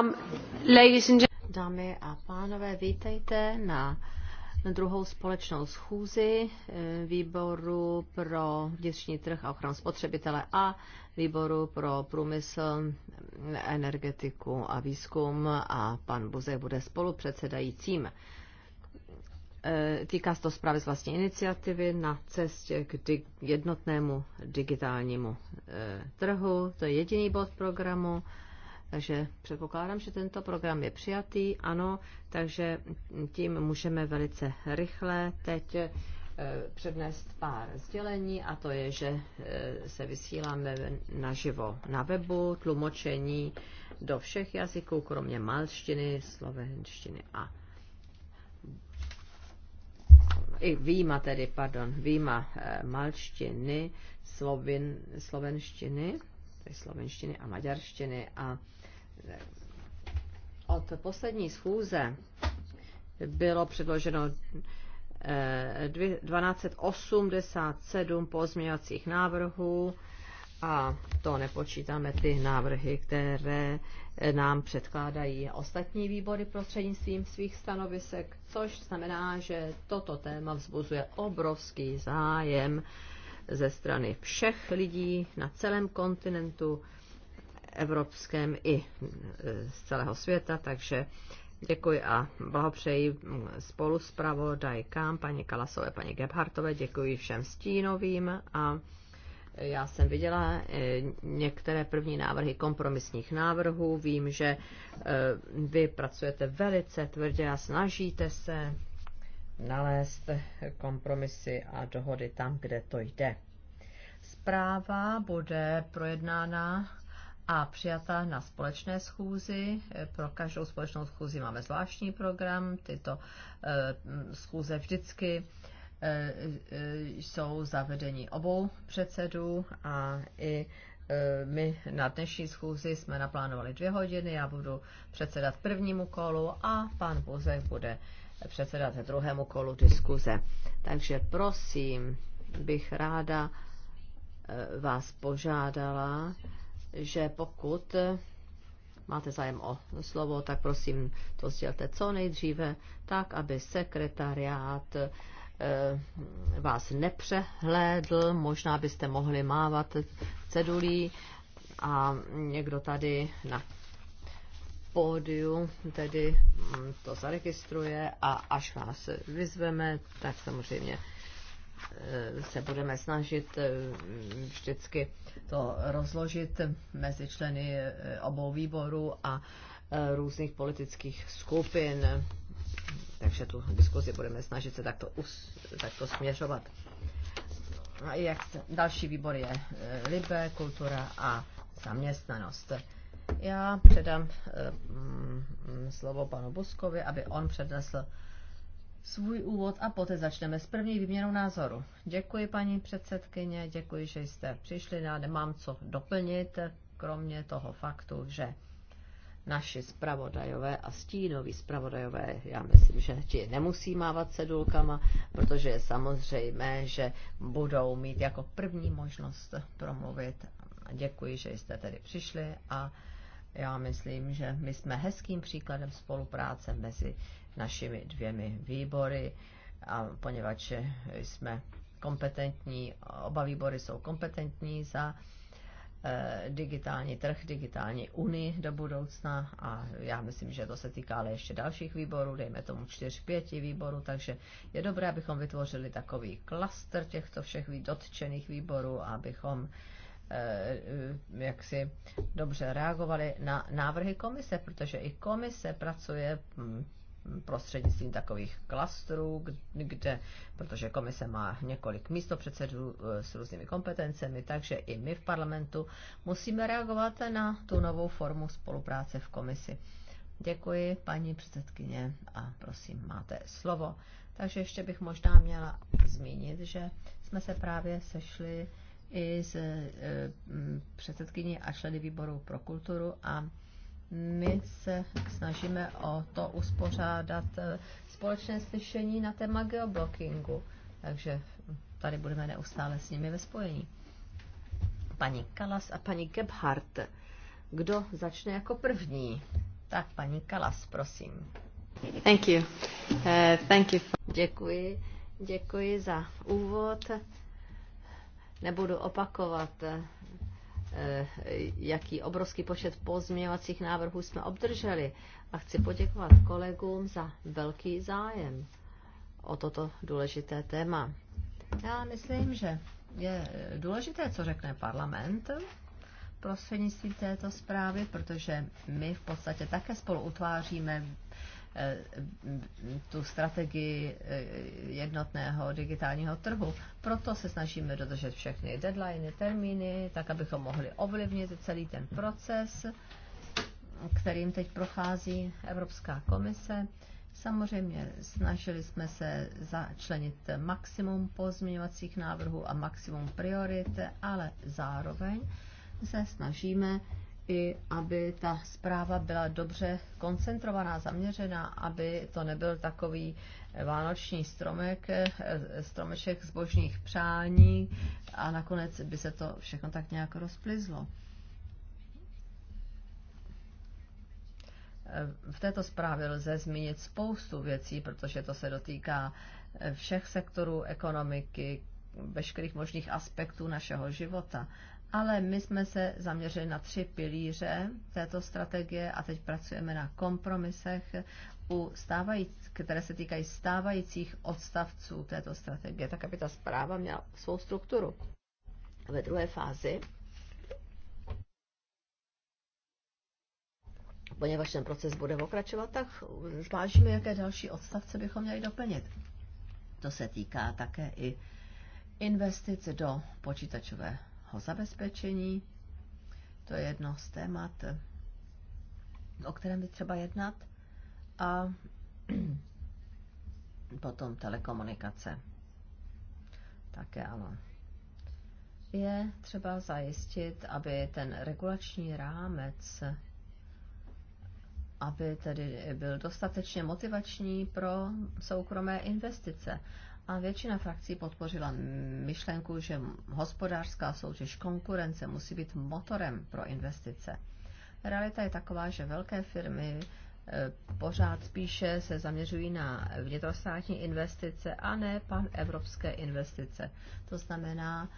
Um, Dámy a pánové, vítejte na druhou společnou schůzi eh, výboru pro vnitřní trh a ochranu spotřebitele a výboru pro průmysl, energetiku a výzkum a pan Buzek bude spolupředsedajícím. Eh, týká se to zprávy z vlastní iniciativy na cestě k di- jednotnému digitálnímu eh, trhu. To je jediný bod programu. Takže předpokládám, že tento program je přijatý, ano, takže tím můžeme velice rychle teď eh, přednést pár sdělení a to je, že se vysíláme naživo na webu, tlumočení do všech jazyků, kromě malštiny, slovenštiny a i výjima tedy, pardon, výjima eh, malštiny, slovin, slovenštiny, tedy slovenštiny a maďarštiny a eh, od poslední schůze bylo předloženo 1287 eh, pozměňovacích návrhů a to nepočítáme ty návrhy, které nám předkládají ostatní výbory prostřednictvím svých stanovisek, což znamená, že toto téma vzbuzuje obrovský zájem ze strany všech lidí na celém kontinentu evropském i e, z celého světa, takže děkuji a blahopřeji mm, spolu s pravodajkám, paní Kalasové, paní Gebhartové, děkuji všem stínovým a já jsem viděla eh, některé první návrhy kompromisních návrhů. Vím, že eh, vy pracujete velice tvrdě a snažíte se nalézt kompromisy a dohody tam, kde to jde. Zpráva bude projednána a přijata na společné schůzi. Pro každou společnou schůzi máme zvláštní program. Tyto eh, schůze vždycky E, e, jsou zavedení obou předsedů a i e, my na dnešní schůzi jsme naplánovali dvě hodiny, já budu předsedat prvnímu kolu a pan Buzek bude předsedat druhému kolu diskuze. Takže prosím, bych ráda vás požádala, že pokud máte zájem o slovo, tak prosím to sdělte co nejdříve, tak aby sekretariát Eh, vás nepřehlédl, možná byste mohli mávat cedulí a někdo tady na pódiu tedy mm, to zaregistruje a až vás vyzveme, tak samozřejmě eh, se budeme snažit eh, vždycky to rozložit mezi členy obou výborů a různých politických skupin. Takže tu diskuzi budeme snažit se takto, us, takto směřovat. A jak další výbor je eh, Libe, kultura a zaměstnanost. Já předám eh, m, mm, mm, slovo panu Buskovi, aby on přednesl svůj úvod a poté začneme s první výměnou názoru. Děkuji, paní předsedkyně, děkuji, že jste přišli. Já nemám co doplnit, kromě toho faktu, že naši spravodajové a stínoví spravodajové, já myslím, že ti nemusí mávat cedulkama, protože je samozřejmé, že budou mít jako první možnost promluvit. Děkuji, že jste tedy přišli a já myslím, že my jsme hezkým příkladem spolupráce mezi našimi dvěmi výbory, a poněvadž jsme kompetentní, oba výbory jsou kompetentní za Eh, digitální trh, digitální unii do budoucna a já myslím, že to se týká ale ještě dalších výborů, dejme tomu 4-5 výborů, takže je dobré, abychom vytvořili takový klaster těchto všech dotčených výborů, abychom eh, eh, jak si dobře reagovali na návrhy komise, protože i komise pracuje hm, prostřednictvím takových klastrů, kde, protože komise má několik místopředsedů eh, s různými kompetencemi, takže i my v parlamentu musíme reagovat na tu novou formu spolupráce v komisi. Děkuji, paní předsedkyně, a prosím, máte slovo. Takže ještě bych možná měla zmínit, že jsme se právě sešli i s e, předsedkyní a členy výboru pro kulturu a my se snažíme o to uspořádat eh, společné slyšení na téma geoblockingu. Takže tady budeme neustále s nimi ve spojení. Paní Kalas a paní Gebhardt. Kdo začne jako první? Tak, paní Kalas, prosím. Thank you. Uh, thank you for... Děkuji. Děkuji za úvod. Nebudu opakovat eh, Eh, jaký obrovský počet pozměňovacích návrhů jsme obdrželi a chci poděkovat kolegům za velký zájem o toto důležité téma. Já myslím, že je důležité, co řekne parlament prostřednictvím této zprávy, protože my v podstatě také spolu utváříme Eh, tu strategii eh, jednotného digitálního trhu. Proto se snažíme dodržet všechny deadliny, termíny, tak abychom mohli ovlivnit celý ten proces, kterým teď prochází Evropská komise. Samozřejmě snažili jsme se začlenit maximum pozměňovacích návrhů a maximum priorit, ale zároveň se snažíme i aby ta zpráva byla dobře koncentrovaná, zaměřená, aby to nebyl takový vánoční stromek, eh, stromeček zbožných přání a nakonec by se to všechno tak nějak rozplizlo. Eh, v této zprávě lze zmínit spoustu věcí, protože to se dotýká eh, všech sektorů ekonomiky, veškerých možných aspektů našeho života ale my jsme se zaměřili na tři pilíře této strategie a teď pracujeme na kompromisech, u stávajíc, které se týkají stávajících odstavců této strategie, tak aby ta zpráva měla svou strukturu. Ve druhé fázi, poněvadž ten proces bude pokračovat, tak zvážíme, jaké další odstavce bychom měli doplnit. To se týká také i investic do počítačové zabezpečení. To je jedno z témat, o kterém by třeba jednat. A potom telekomunikace. Také ano. Je třeba zajistit, aby ten regulační rámec aby tedy byl dostatečně motivační pro soukromé investice a většina frakcí podpořila myšlenku, že hospodářská soutěž konkurence musí být motorem pro investice. Realita je taková, že velké firmy e, pořád spíše se zaměřují na vnitrostátní investice a ne pan evropské investice. To znamená,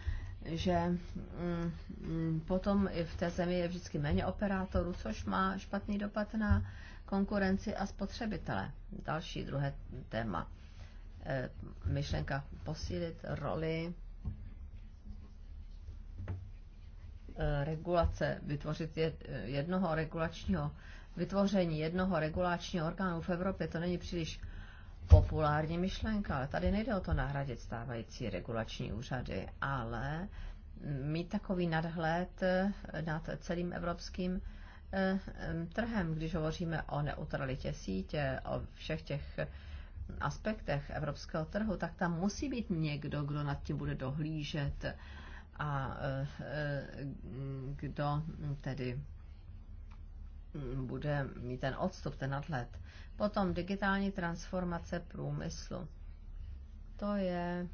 že mm, mm, potom i v té zemi je vždycky méně operátorů, což má špatný dopad na konkurenci a spotřebitele. Další druhé téma Eh, myšlenka posílit roli eh, regulace, vytvořit eh, jednoho regulačního, vytvoření jednoho regulačního orgánu v Evropě, to není příliš populární myšlenka, ale tady nejde o to nahradit stávající regulační úřady, ale mít takový nadhled nad celým evropským trhem, když hovoříme o neutralitě sítě, o všech těch aspektech evropského trhu, tak tam musí být někdo, kdo nad tím bude dohlížet a eh, eh, kdo tedy bude mít ten odstup, ten nadhled. Potom digitální transformace průmyslu. To je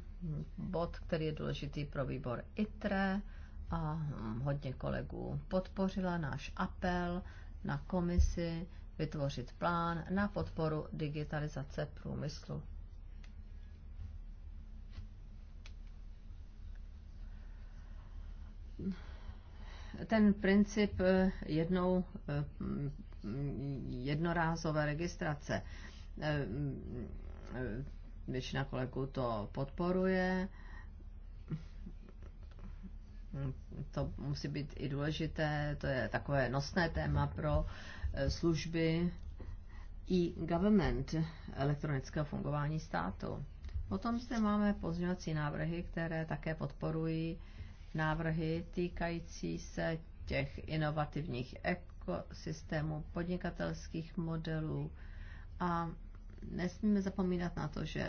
bod, který je důležitý pro výbor ITRE a hodně kolegů podpořila náš apel na komisi, vytvořit plán na podporu digitalizace průmyslu. Ten princip eh, jednou eh, jednorázové registrace. Eh, většina kolegů to podporuje. To musí být i důležité, to je takové nosné téma pro uh, Eh, služby i government elektronického fungování státu. Potom zde máme pozměňovací návrhy, které také podporují návrhy týkající se těch inovativních ekosystémů, podnikatelských modelů a nesmíme zapomínat na to, že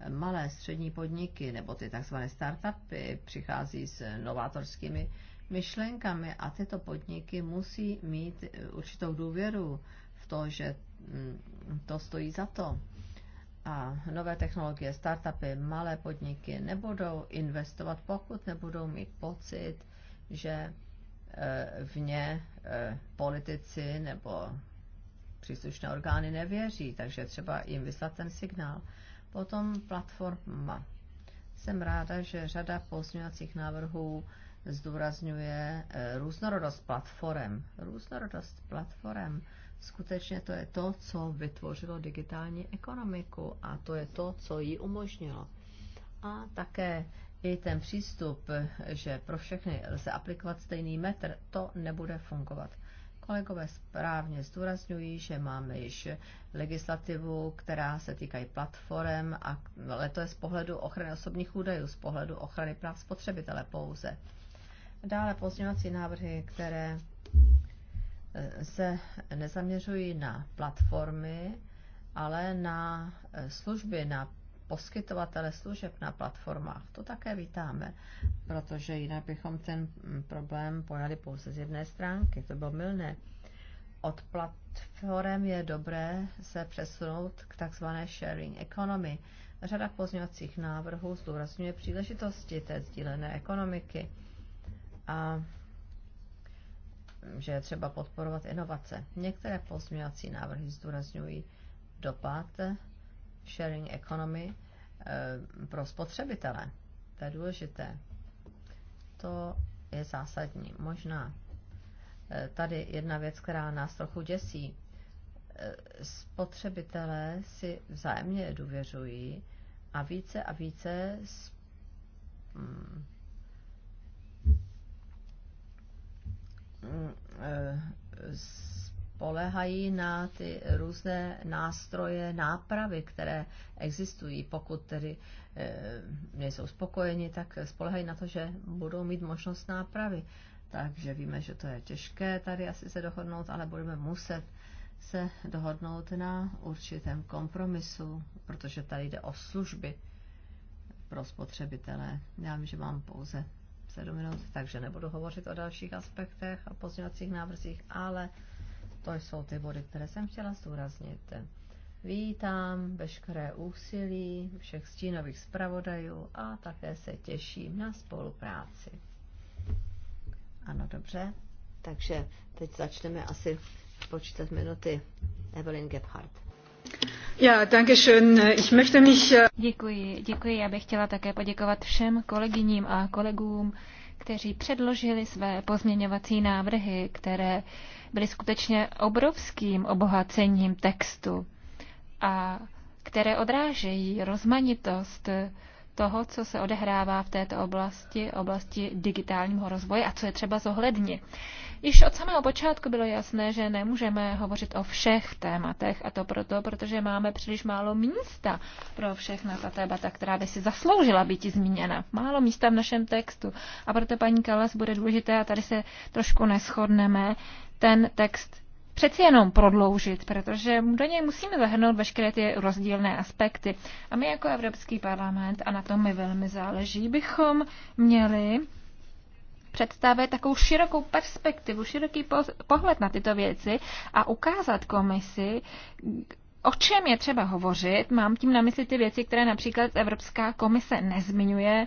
eh, malé střední podniky nebo ty tzv. startupy přichází s novátorskými myšlenkami a tyto podniky musí mít e, určitou důvěru v to, že mm, to stojí za to. A nové technologie, startupy, malé podniky nebudou investovat, pokud nebudou mít pocit, že e, v ně e, politici nebo příslušné orgány nevěří, takže třeba jim vyslat ten signál. Potom platforma. Jsem ráda, že řada pozměňovacích návrhů zdůrazňuje eh, různorodost platform. Různorodost platform. Skutečně to je to, co vytvořilo digitální ekonomiku a to je to, co ji umožnilo. A také i ten přístup, že pro všechny lze aplikovat stejný metr, to nebude fungovat. Kolegové správně zdůrazňují, že máme již legislativu, která se týkají platform, ale to je z pohledu ochrany osobních údajů, z pohledu ochrany práv spotřebitele pouze. Dále pozměňovací návrhy, které eh, se nezaměřují na platformy, ale na eh, služby, na poskytovatele služeb na platformách. To také vítáme, protože jinak bychom ten mm, problém pojali pouze z jedné stránky. To bylo milné. Od platform je dobré se přesunout k takzvané sharing economy. Řada pozměňovacích návrhů zdůrazňuje příležitosti té sdílené ekonomiky a že je třeba podporovat inovace. Některé pozměňovací návrhy zdůrazňují dopad sharing economy eh, pro spotřebitele. To je důležité. To je zásadní. Možná eh, tady jedna věc, která nás trochu děsí. Eh, spotřebitelé si vzájemně důvěřují a více a více mm, spolehají na ty různé nástroje nápravy, které existují. Pokud tedy eh, nejsou spokojeni, tak spolehají na to, že budou mít možnost nápravy. Takže víme, že to je těžké tady asi se dohodnout, ale budeme muset se dohodnout na určitém kompromisu, protože tady jde o služby pro spotřebitele. Já vím, že mám pouze 7 minut, takže nebudu hovořit o dalších aspektech a pozdělacích návrzích, ale to jsou ty body, které jsem chtěla zdůraznit. Vítám veškeré úsilí všech stínových zpravodajů a také se těším na spolupráci. Ano, dobře. Takže teď začneme asi počítat minuty Evelyn Gebhardt. Äh, děkuji, děkuji. Já bych chtěla také poděkovat všem kolegyním a kolegům, kteří předložili své pozměňovací návrhy, které byly skutečně obrovským obohacením textu a které odrážejí rozmanitost toho, co se odehrává v této oblasti, oblasti digitálního rozvoje a co je třeba zohlednit. Již od samého počátku bylo jasné, že nemůžeme hovořit o všech tématech a to proto, protože máme příliš málo místa pro všechna ta témata, která by si zasloužila být zmíněna. Málo místa v našem textu a proto paní Kalas bude důležité a tady se trošku neschodneme ten text přeci jenom prodloužit, protože do něj musíme zahrnout veškeré ty rozdílné aspekty. A my jako Evropský parlament, a na tom mi velmi záleží, bychom měli představit takovou širokou perspektivu, široký pohled na tyto věci a ukázat komisi, O čem je třeba hovořit? Mám tím na mysli ty věci, které například Evropská komise nezmiňuje,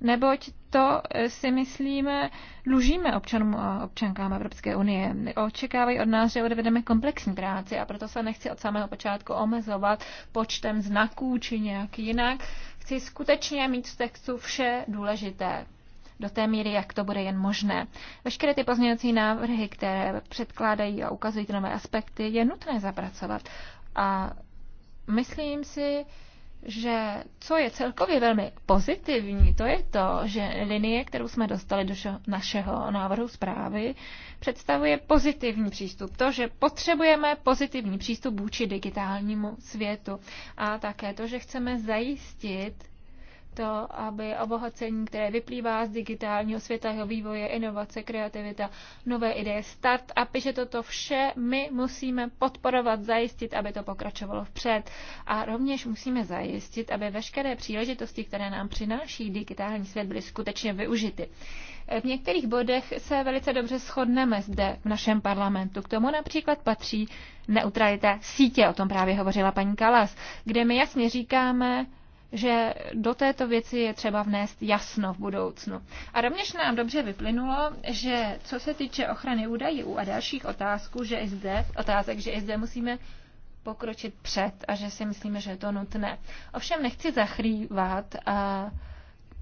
neboť to eh, si myslím dlužíme občanům a občankám Evropské unie. Očekávají od nás, že odvedeme komplexní práci a proto se nechci od samého počátku omezovat počtem znaků či nějak jinak. Chci skutečně mít z textu vše důležité do té míry, jak to bude jen možné. Veškeré ty pozměňovací návrhy, které předkládají a ukazují ty nové aspekty, je nutné zapracovat. A myslím si, že co je celkově velmi pozitivní, to je to, že linie, kterou jsme dostali do našeho návrhu zprávy, představuje pozitivní přístup. To, že potřebujeme pozitivní přístup vůči digitálnímu světu a také to, že chceme zajistit to, aby obohacení, které vyplývá z digitálního světa, jeho vývoje, inovace, kreativita, nové ideje, start-upy, že toto vše my musíme podporovat, zajistit, aby to pokračovalo vpřed. A rovněž musíme zajistit, aby veškeré příležitosti, které nám přináší digitální svět, byly skutečně využity. V některých bodech se velice dobře shodneme zde v našem parlamentu. K tomu například patří neutralita sítě, o tom právě hovořila paní Kalas, kde my jasně říkáme, že do této věci je třeba vnést jasno v budoucnu. A rovněž nám dobře vyplynulo, že co se týče ochrany údajů a dalších otázků, že i zde, otázek, že i zde musíme pokročit před a že si myslíme, že je to nutné. Ovšem nechci zachrývat a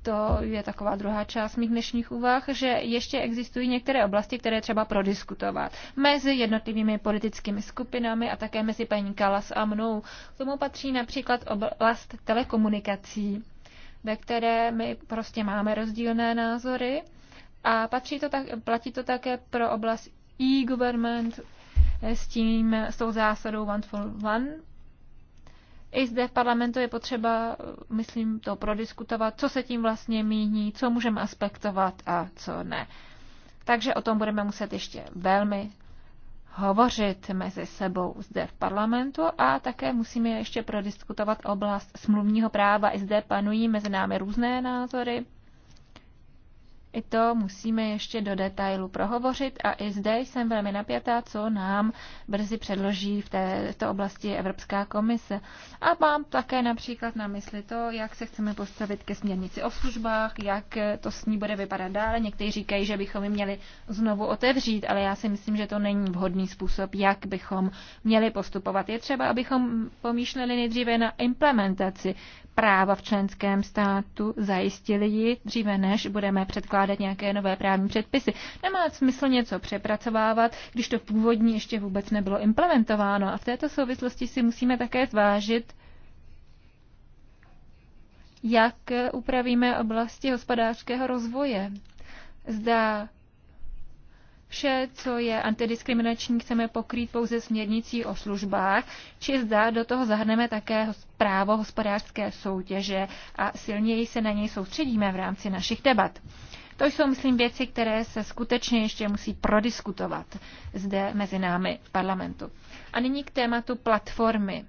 to je taková druhá část mých dnešních úvah, že ještě existují některé oblasti, které třeba prodiskutovat mezi jednotlivými politickými skupinami a také mezi paní Kalas a mnou. K tomu patří například oblast telekomunikací, ve které my prostě máme rozdílné názory a patří to tak, platí to také pro oblast e-government s tím, s tou zásadou one for one i zde v parlamentu je potřeba, myslím, to prodiskutovat, co se tím vlastně míní, co můžeme aspektovat a co ne. Takže o tom budeme muset ještě velmi hovořit mezi sebou zde v parlamentu a také musíme ještě prodiskutovat oblast smluvního práva. I zde panují mezi námi různé názory. I to musíme ještě do detailu prohovořit a i zde jsem velmi napjatá, co nám brzy předloží v této oblasti Evropská komise. A mám také například na mysli to, jak se chceme postavit ke směrnici o službách, jak to s ní bude vypadat dále. Někteří říkají, že bychom ji měli znovu otevřít, ale já si myslím, že to není vhodný způsob, jak bychom měli postupovat. Je třeba, abychom pomýšleli nejdříve na implementaci práva v členském státu, zajistili ji dříve, než budeme předkládat vykládat nějaké nové právní předpisy. Nemá smysl něco přepracovávat, když to původní ještě vůbec nebylo implementováno. A v této souvislosti si musíme také zvážit, jak upravíme oblasti hospodářského rozvoje. Zda vše, co je antidiskriminační, chceme pokrýt pouze směrnicí o službách, či zda do toho zahrneme také právo hospodářské soutěže a silněji se na něj soustředíme v rámci našich debat. To jsou, myslím, věci, které se skutečně ještě musí prodiskutovat zde mezi námi v parlamentu. A nyní k tématu platformy.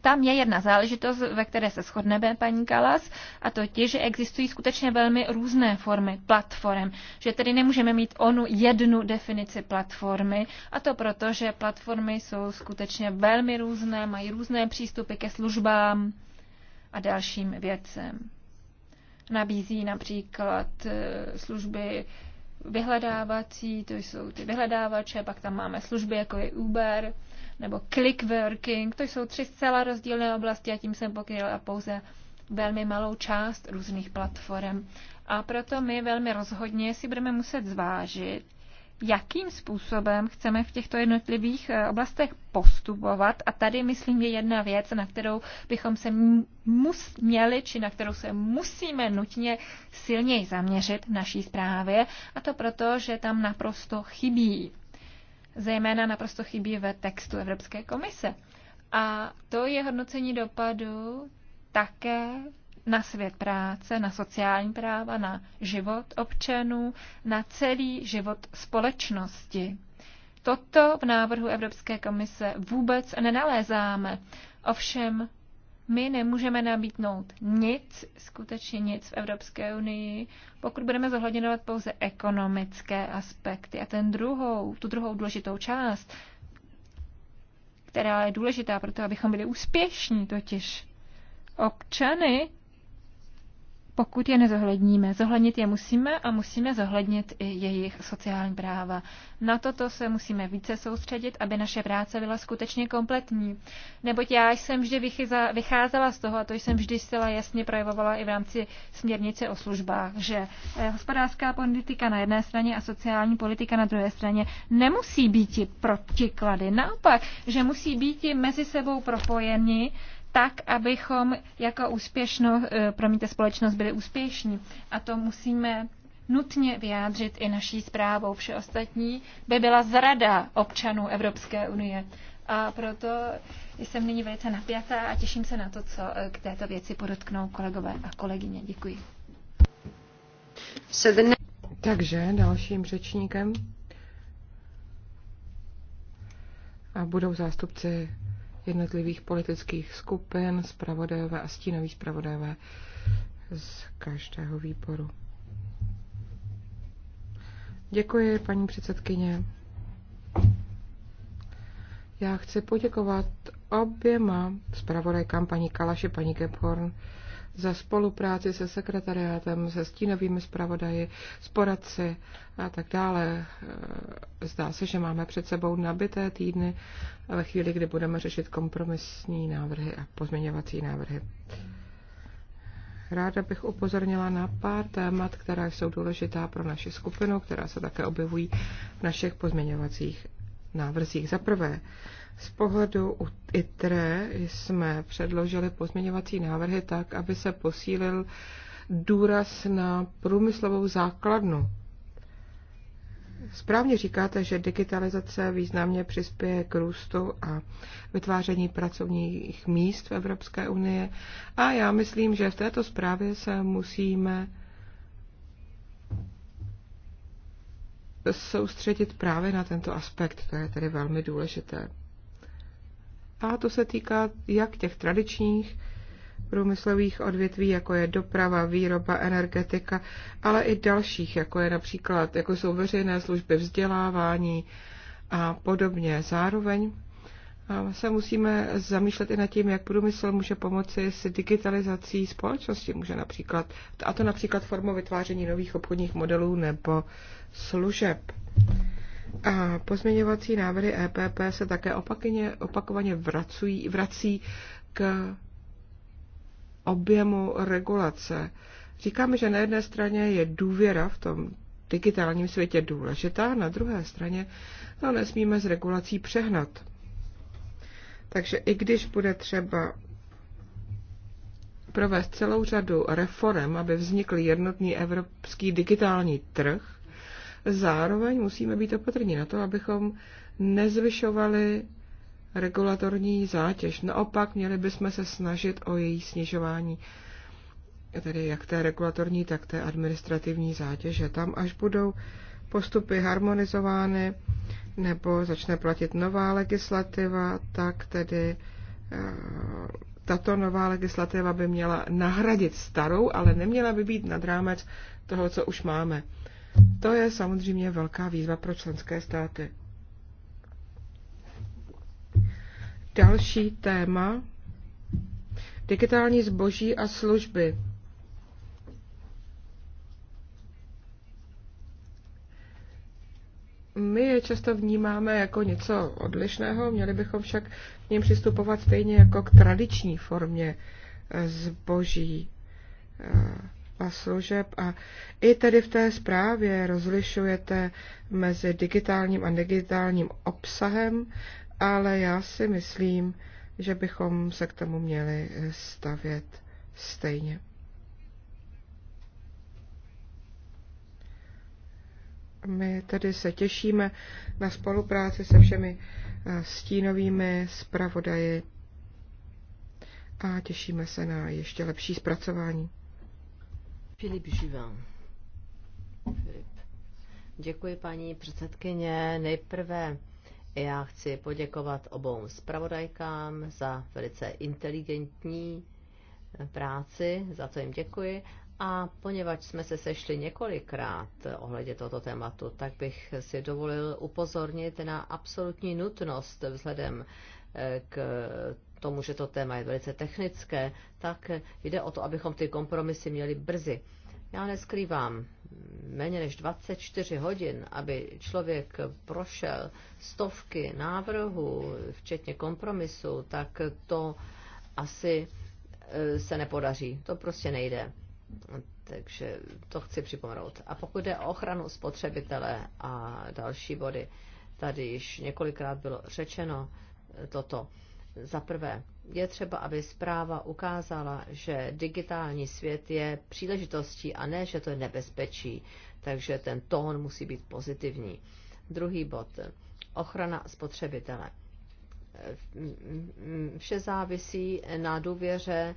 Tam je jedna záležitost, ve které se shodneme, paní Kalas, a to je, že existují skutečně velmi různé formy platform, že tedy nemůžeme mít onu jednu definici platformy, a to proto, že platformy jsou skutečně velmi různé, mají různé přístupy ke službám a dalším věcem. Nabízí například e, služby vyhledávací, to jsou ty vyhledávače, pak tam máme služby jako je Uber nebo Clickworking, to jsou tři zcela rozdílné oblasti a tím jsem pokryla pouze velmi malou část různých platform. A proto my velmi rozhodně si budeme muset zvážit, jakým způsobem chceme v těchto jednotlivých eh, oblastech postupovat. A tady, myslím, je jedna věc, na kterou bychom se mus, měli, či na kterou se musíme nutně silněji zaměřit v naší zprávě. A to proto, že tam naprosto chybí. Zejména naprosto chybí ve textu Evropské komise. A to je hodnocení dopadu také na svět práce, na sociální práva, na život občanů, na celý život společnosti. Toto v návrhu Evropské komise vůbec nenalézáme. Ovšem, my nemůžeme nabídnout nic, skutečně nic v Evropské unii, pokud budeme zohledňovat pouze ekonomické aspekty. A ten druhou, tu druhou důležitou část, která je důležitá pro to, abychom byli úspěšní, totiž občany pokud je nezohledníme. Zohlednit je musíme a musíme zohlednit i jejich sociální práva. Na toto se musíme více soustředit, aby naše práce byla skutečně kompletní. Neboť já jsem vždy vycházela z toho, a to jsem vždy zcela jasně projevovala i v rámci směrnice o službách, že eh, hospodářská politika na jedné straně a sociální politika na druhé straně nemusí být protiklady. Naopak, že musí být mezi sebou propojeni, tak, abychom jako úspěšnou, eh, promiňte, společnost byli úspěšní. A to musíme nutně vyjádřit i naší zprávou. Vše ostatní by byla zrada občanů Evropské unie. A proto jsem nyní velice napjatá a těším se na to, co eh, k této věci podotknou kolegové a kolegyně. Děkuji. Takže dalším řečníkem a budou zástupci jednotlivých politických skupin, zpravodajové a stínoví zpravodajové z každého výboru. Děkuji, paní předsedkyně. Já chci poděkovat oběma zpravodajkám paní Kalaši, paní Gebhorn, za spolupráci se sekretariátem, se stínovými zpravodaji, s poradci a tak dále. Eh, zdá se, že máme před sebou nabité týdny ve chvíli, kdy budeme řešit kompromisní návrhy a pozměňovací návrhy. Ráda bych upozornila na pár témat, která jsou důležitá pro naši skupinu, která se také objevují v našich pozměňovacích návrzích. Za prvé, z pohledu ITRE jsme předložili pozměňovací návrhy tak, aby se posílil důraz na průmyslovou základnu. Správně říkáte, že digitalizace významně přispěje k růstu a vytváření pracovních míst v Evropské unii a já myslím, že v této zprávě se musíme soustředit právě na tento aspekt, to je tedy velmi důležité. A to se týká jak těch tradičních průmyslových odvětví, jako je doprava, výroba, energetika, ale i dalších, jako je například, jako jsou veřejné služby, vzdělávání a podobně. Zároveň se musíme zamýšlet i nad tím, jak průmysl může pomoci s digitalizací společnosti. Může například, a to například formou vytváření nových obchodních modelů nebo služeb. A pozměňovací návrhy EPP se také opakyně, opakovaně vracují, vrací k objemu regulace. Říkáme, že na jedné straně je důvěra v tom digitálním světě důležitá, na druhé straně to no, nesmíme s regulací přehnat. Takže i když bude třeba provést celou řadu reform, aby vznikl jednotný evropský digitální trh, Zároveň musíme být opatrní na to, abychom nezvyšovali regulatorní zátěž. Naopak měli bychom se snažit o její snižování, tedy jak té regulatorní, tak té administrativní zátěže. Tam, až budou postupy harmonizovány nebo začne platit nová legislativa, tak tedy eh, tato nová legislativa by měla nahradit starou, ale neměla by být nad rámec toho, co už máme. To je samozřejmě velká výzva pro členské státy. Další téma. Digitální zboží a služby. My je často vnímáme jako něco odlišného, měli bychom však k ním přistupovat stejně jako k tradiční formě eh, zboží eh, a služeb a i tedy v té zprávě rozlišujete mezi digitálním a digitálním obsahem, ale já si myslím, že bychom se k tomu měli stavět stejně. My tedy se těšíme na spolupráci se všemi eh, stínovými zpravodaji a těšíme se na ještě lepší zpracování. Filip Živan. Filip. Děkuji, paní předsedkyně. Nejprve já chci poděkovat obou zpravodajkám za velice inteligentní eh, práci, za co jim děkuji. A poněvadž jsme se sešli několikrát ohledně tohoto tématu, tak bych si dovolil upozornit na absolutní nutnost vzhledem eh, k tomu, že to téma je velice technické, tak jde o to, abychom ty kompromisy měli brzy. Já neskrývám, méně než 24 hodin, aby člověk prošel stovky návrhů, včetně kompromisu, tak to asi e, se nepodaří. To prostě nejde. Takže to chci připomenout. A pokud jde o ochranu spotřebitele a další body, tady již několikrát bylo řečeno e, toto. Za prvé, je třeba, aby zpráva ukázala, že digitální svět je příležitostí a ne, že to je nebezpečí. Takže ten tón musí být pozitivní. Druhý bod. Ochrana spotřebitele. Vše závisí na důvěře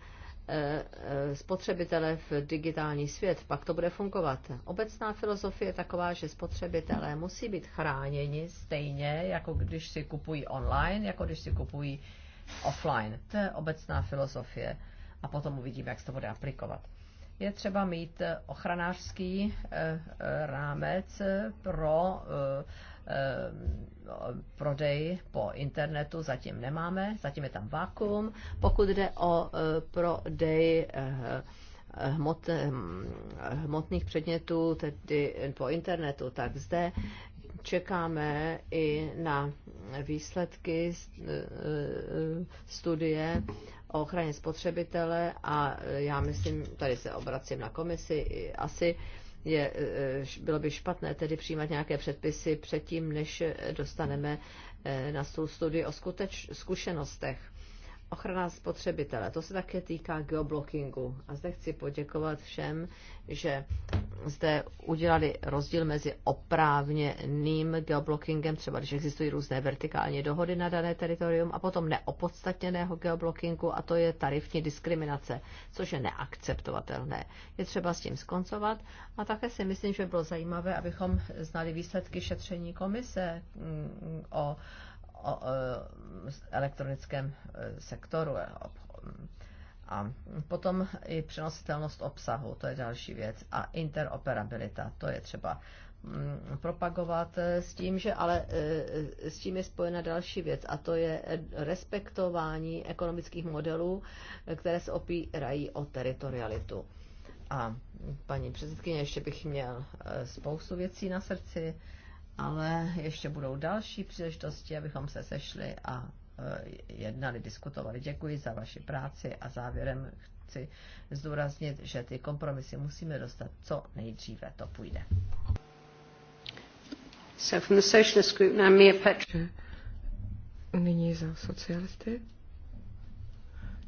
eh, eh, spotřebitele v digitální svět, pak to bude fungovat. Obecná filozofie je taková, že spotřebitelé musí být chráněni stejně, jako když si kupují online, jako když si kupují offline. To je obecná filozofie a potom uvidíme, jak se to bude aplikovat. Je třeba mít eh, ochranářský eh, eh, rámec pro prodej po internetu zatím nemáme, zatím je tam vákum. Pokud jde o prodej hmot, hm, hmotných předmětů, tedy po internetu, tak zde čekáme i na výsledky e, e, studie o ochraně spotřebitele a já myslím, tady se obracím na komisi, asi je, e, bylo by špatné tedy přijímat nějaké předpisy předtím, než dostaneme na stůl studii o skuteč, zkušenostech Ochrana spotřebitele, to se také týká geoblockingu. A zde chci poděkovat všem, že zde udělali rozdíl mezi oprávněným geoblockingem, třeba když existují různé vertikální dohody na dané teritorium, a potom neopodstatněného geoblockingu, a to je tarifní diskriminace, což je neakceptovatelné. Je třeba s tím skoncovat a také si myslím, že bylo zajímavé, abychom znali výsledky šetření komise mm, o o elektronickém e, sektoru. E, a potom i přenositelnost obsahu, to je další věc. A interoperabilita, to je třeba mm, propagovat e, s tím, že ale s tím je spojena další věc a to je respektování ekonomických modelů, které se opírají o teritorialitu. A paní předsedkyně, ještě bych měl spoustu věcí na srdci ale ještě budou další příležitosti, abychom se sešli a e, jednali, diskutovali. Děkuji za vaši práci a závěrem chci zdůraznit, že ty kompromisy musíme dostat co nejdříve. To půjde. So from the socialist group now Mia Petra. Nyní za socialisty.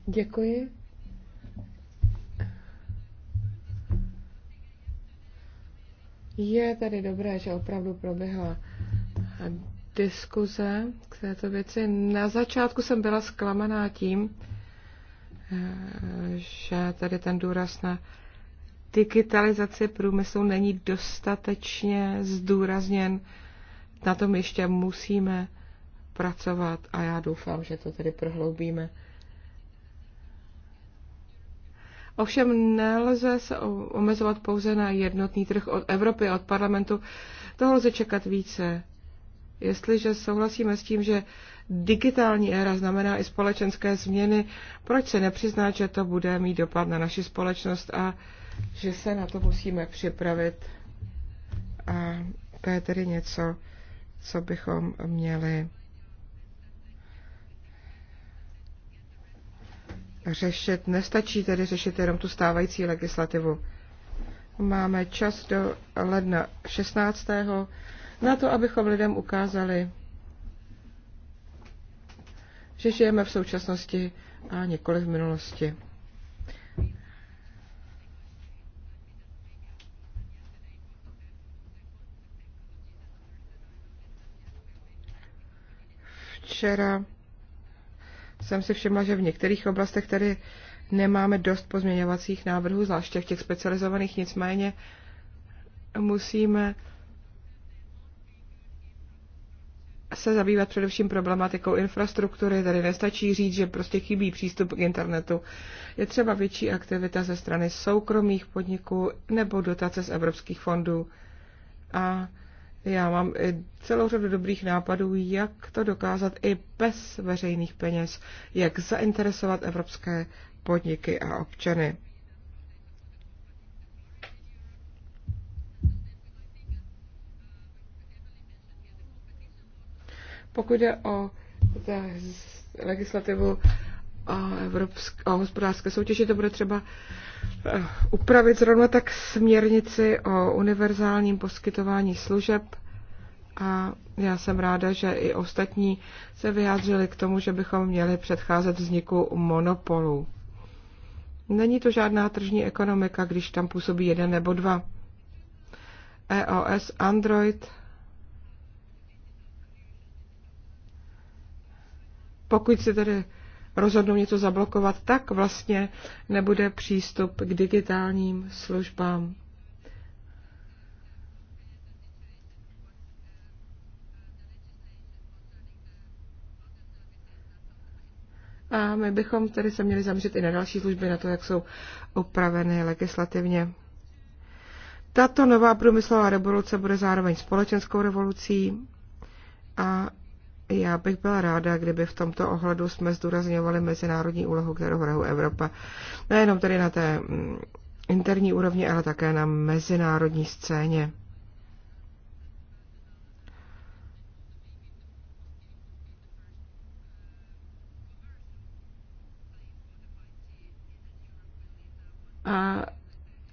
Děkuji. Je tedy dobré, že opravdu proběhla diskuze k této věci. Na začátku jsem byla zklamaná tím, eh, že tady ten důraz na digitalizaci průmyslu není dostatečně zdůrazněn. Na tom ještě musíme pracovat a já doufám, že to tedy prohloubíme. Ovšem nelze se omezovat pouze na jednotný trh od Evropy a od parlamentu. Toho lze čekat více. Jestliže souhlasíme s tím, že digitální éra znamená i společenské změny, proč se nepřiznat, že to bude mít dopad na naši společnost a že se na to musíme připravit? A to je tedy něco, co bychom měli řešit. Nestačí tedy řešit jenom tu stávající legislativu. Máme čas do ledna 16. na to, abychom lidem ukázali, že žijeme v současnosti a nikoli v minulosti. Včera jsem si všimla, že v některých oblastech tedy nemáme dost pozměňovacích návrhů, zvláště v těch specializovaných, nicméně musíme se zabývat především problematikou infrastruktury, tady nestačí říct, že prostě chybí přístup k internetu. Je třeba větší aktivita ze strany soukromých podniků nebo dotace z evropských fondů. A já mám i celou řadu dobrých nápadů, jak to dokázat i bez veřejných peněz, jak zainteresovat evropské podniky a občany. Pokud je o legislativu o, evropské, o hospodářské soutěži, to bude třeba eh, upravit zrovna tak směrnici o univerzálním poskytování služeb. A já jsem ráda, že i ostatní se vyjádřili k tomu, že bychom měli předcházet vzniku monopolů. Není to žádná tržní ekonomika, když tam působí jeden nebo dva. EOS, Android, pokud si tedy rozhodnou něco zablokovat, tak vlastně nebude přístup k digitálním službám. A my bychom tedy se měli zaměřit i na další služby, na to, jak jsou opraveny legislativně. Tato nová průmyslová revoluce bude zároveň společenskou revolucí a já bych byla ráda, kdyby v tomto ohledu jsme zdůrazňovali mezinárodní úlohu, kterou hraje Evropa. Nejenom tedy na té mm, interní úrovni, ale také na mezinárodní scéně. A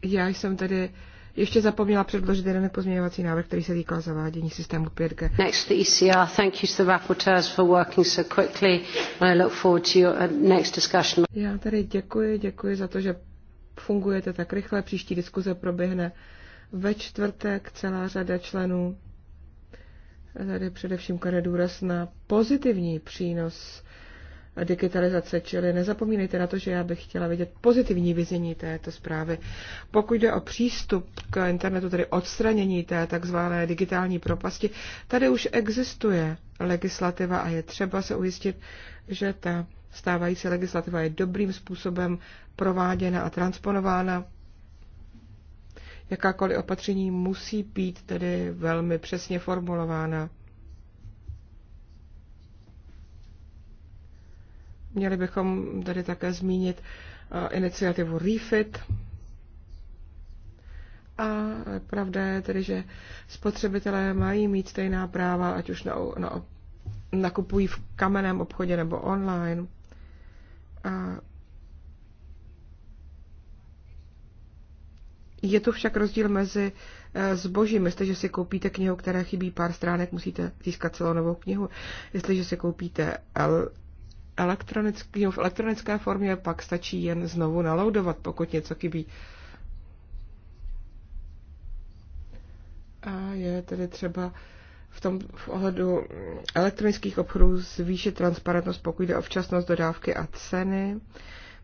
já jsem tedy ještě zapomněla předložit jeden pozměňovací návrh, který se týkal zavádění systému 5G. Next the ECR, thank you to the rapporteurs for working so quickly I look forward to your uh, next discussion. Já tady děkuji, děkuji za to, že fungujete tak rychle. Příští diskuze proběhne ve čtvrtek celá řada členů. Tady především klade důraz na pozitivní přínos digitalizace, čili nezapomínejte na to, že já bych chtěla vidět pozitivní vizení této zprávy. Pokud jde o přístup k internetu, tedy odstranění té takzvané digitální propasti, tady už existuje legislativa a je třeba se ujistit, že ta stávající legislativa je dobrým způsobem prováděna a transponována. Jakákoliv opatření musí být tedy velmi přesně formulována. Měli bychom tady také zmínit eh, iniciativu Refit. A pravda je tedy, že spotřebitelé mají mít stejná práva, ať už na, na, nakupují v kamenném obchodě nebo online. A Je tu však rozdíl mezi eh, zbožím. Jestliže si koupíte knihu, která chybí pár stránek, musíte získat celou novou knihu. Jestliže si koupíte elektronického v elektronické formě, pak stačí jen znovu naloudovat, pokud něco chybí. A je tedy třeba v tom v ohledu elektronických obchodů zvýšit transparentnost, pokud jde o včasnost dodávky a ceny.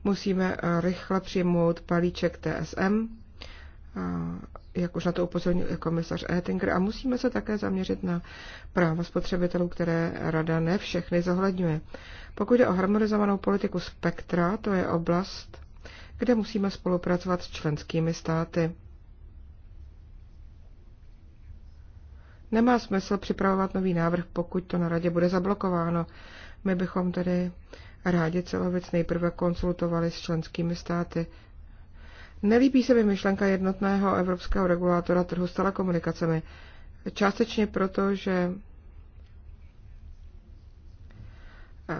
Musíme rychle přijmout palíček TSM, jak už na to upozornil i komisař Ettinger, a musíme se také zaměřit na práva spotřebitelů, které rada ne všechny zohledňuje. Pokud je o harmonizovanou politiku spektra, to je oblast, kde musíme spolupracovat s členskými státy. Nemá smysl připravovat nový návrh, pokud to na radě bude zablokováno. My bychom tedy rádi celou věc nejprve konsultovali s členskými státy. Nelíbí se mi myšlenka jednotného evropského regulátora trhu s telekomunikacemi. Částečně proto, že eh,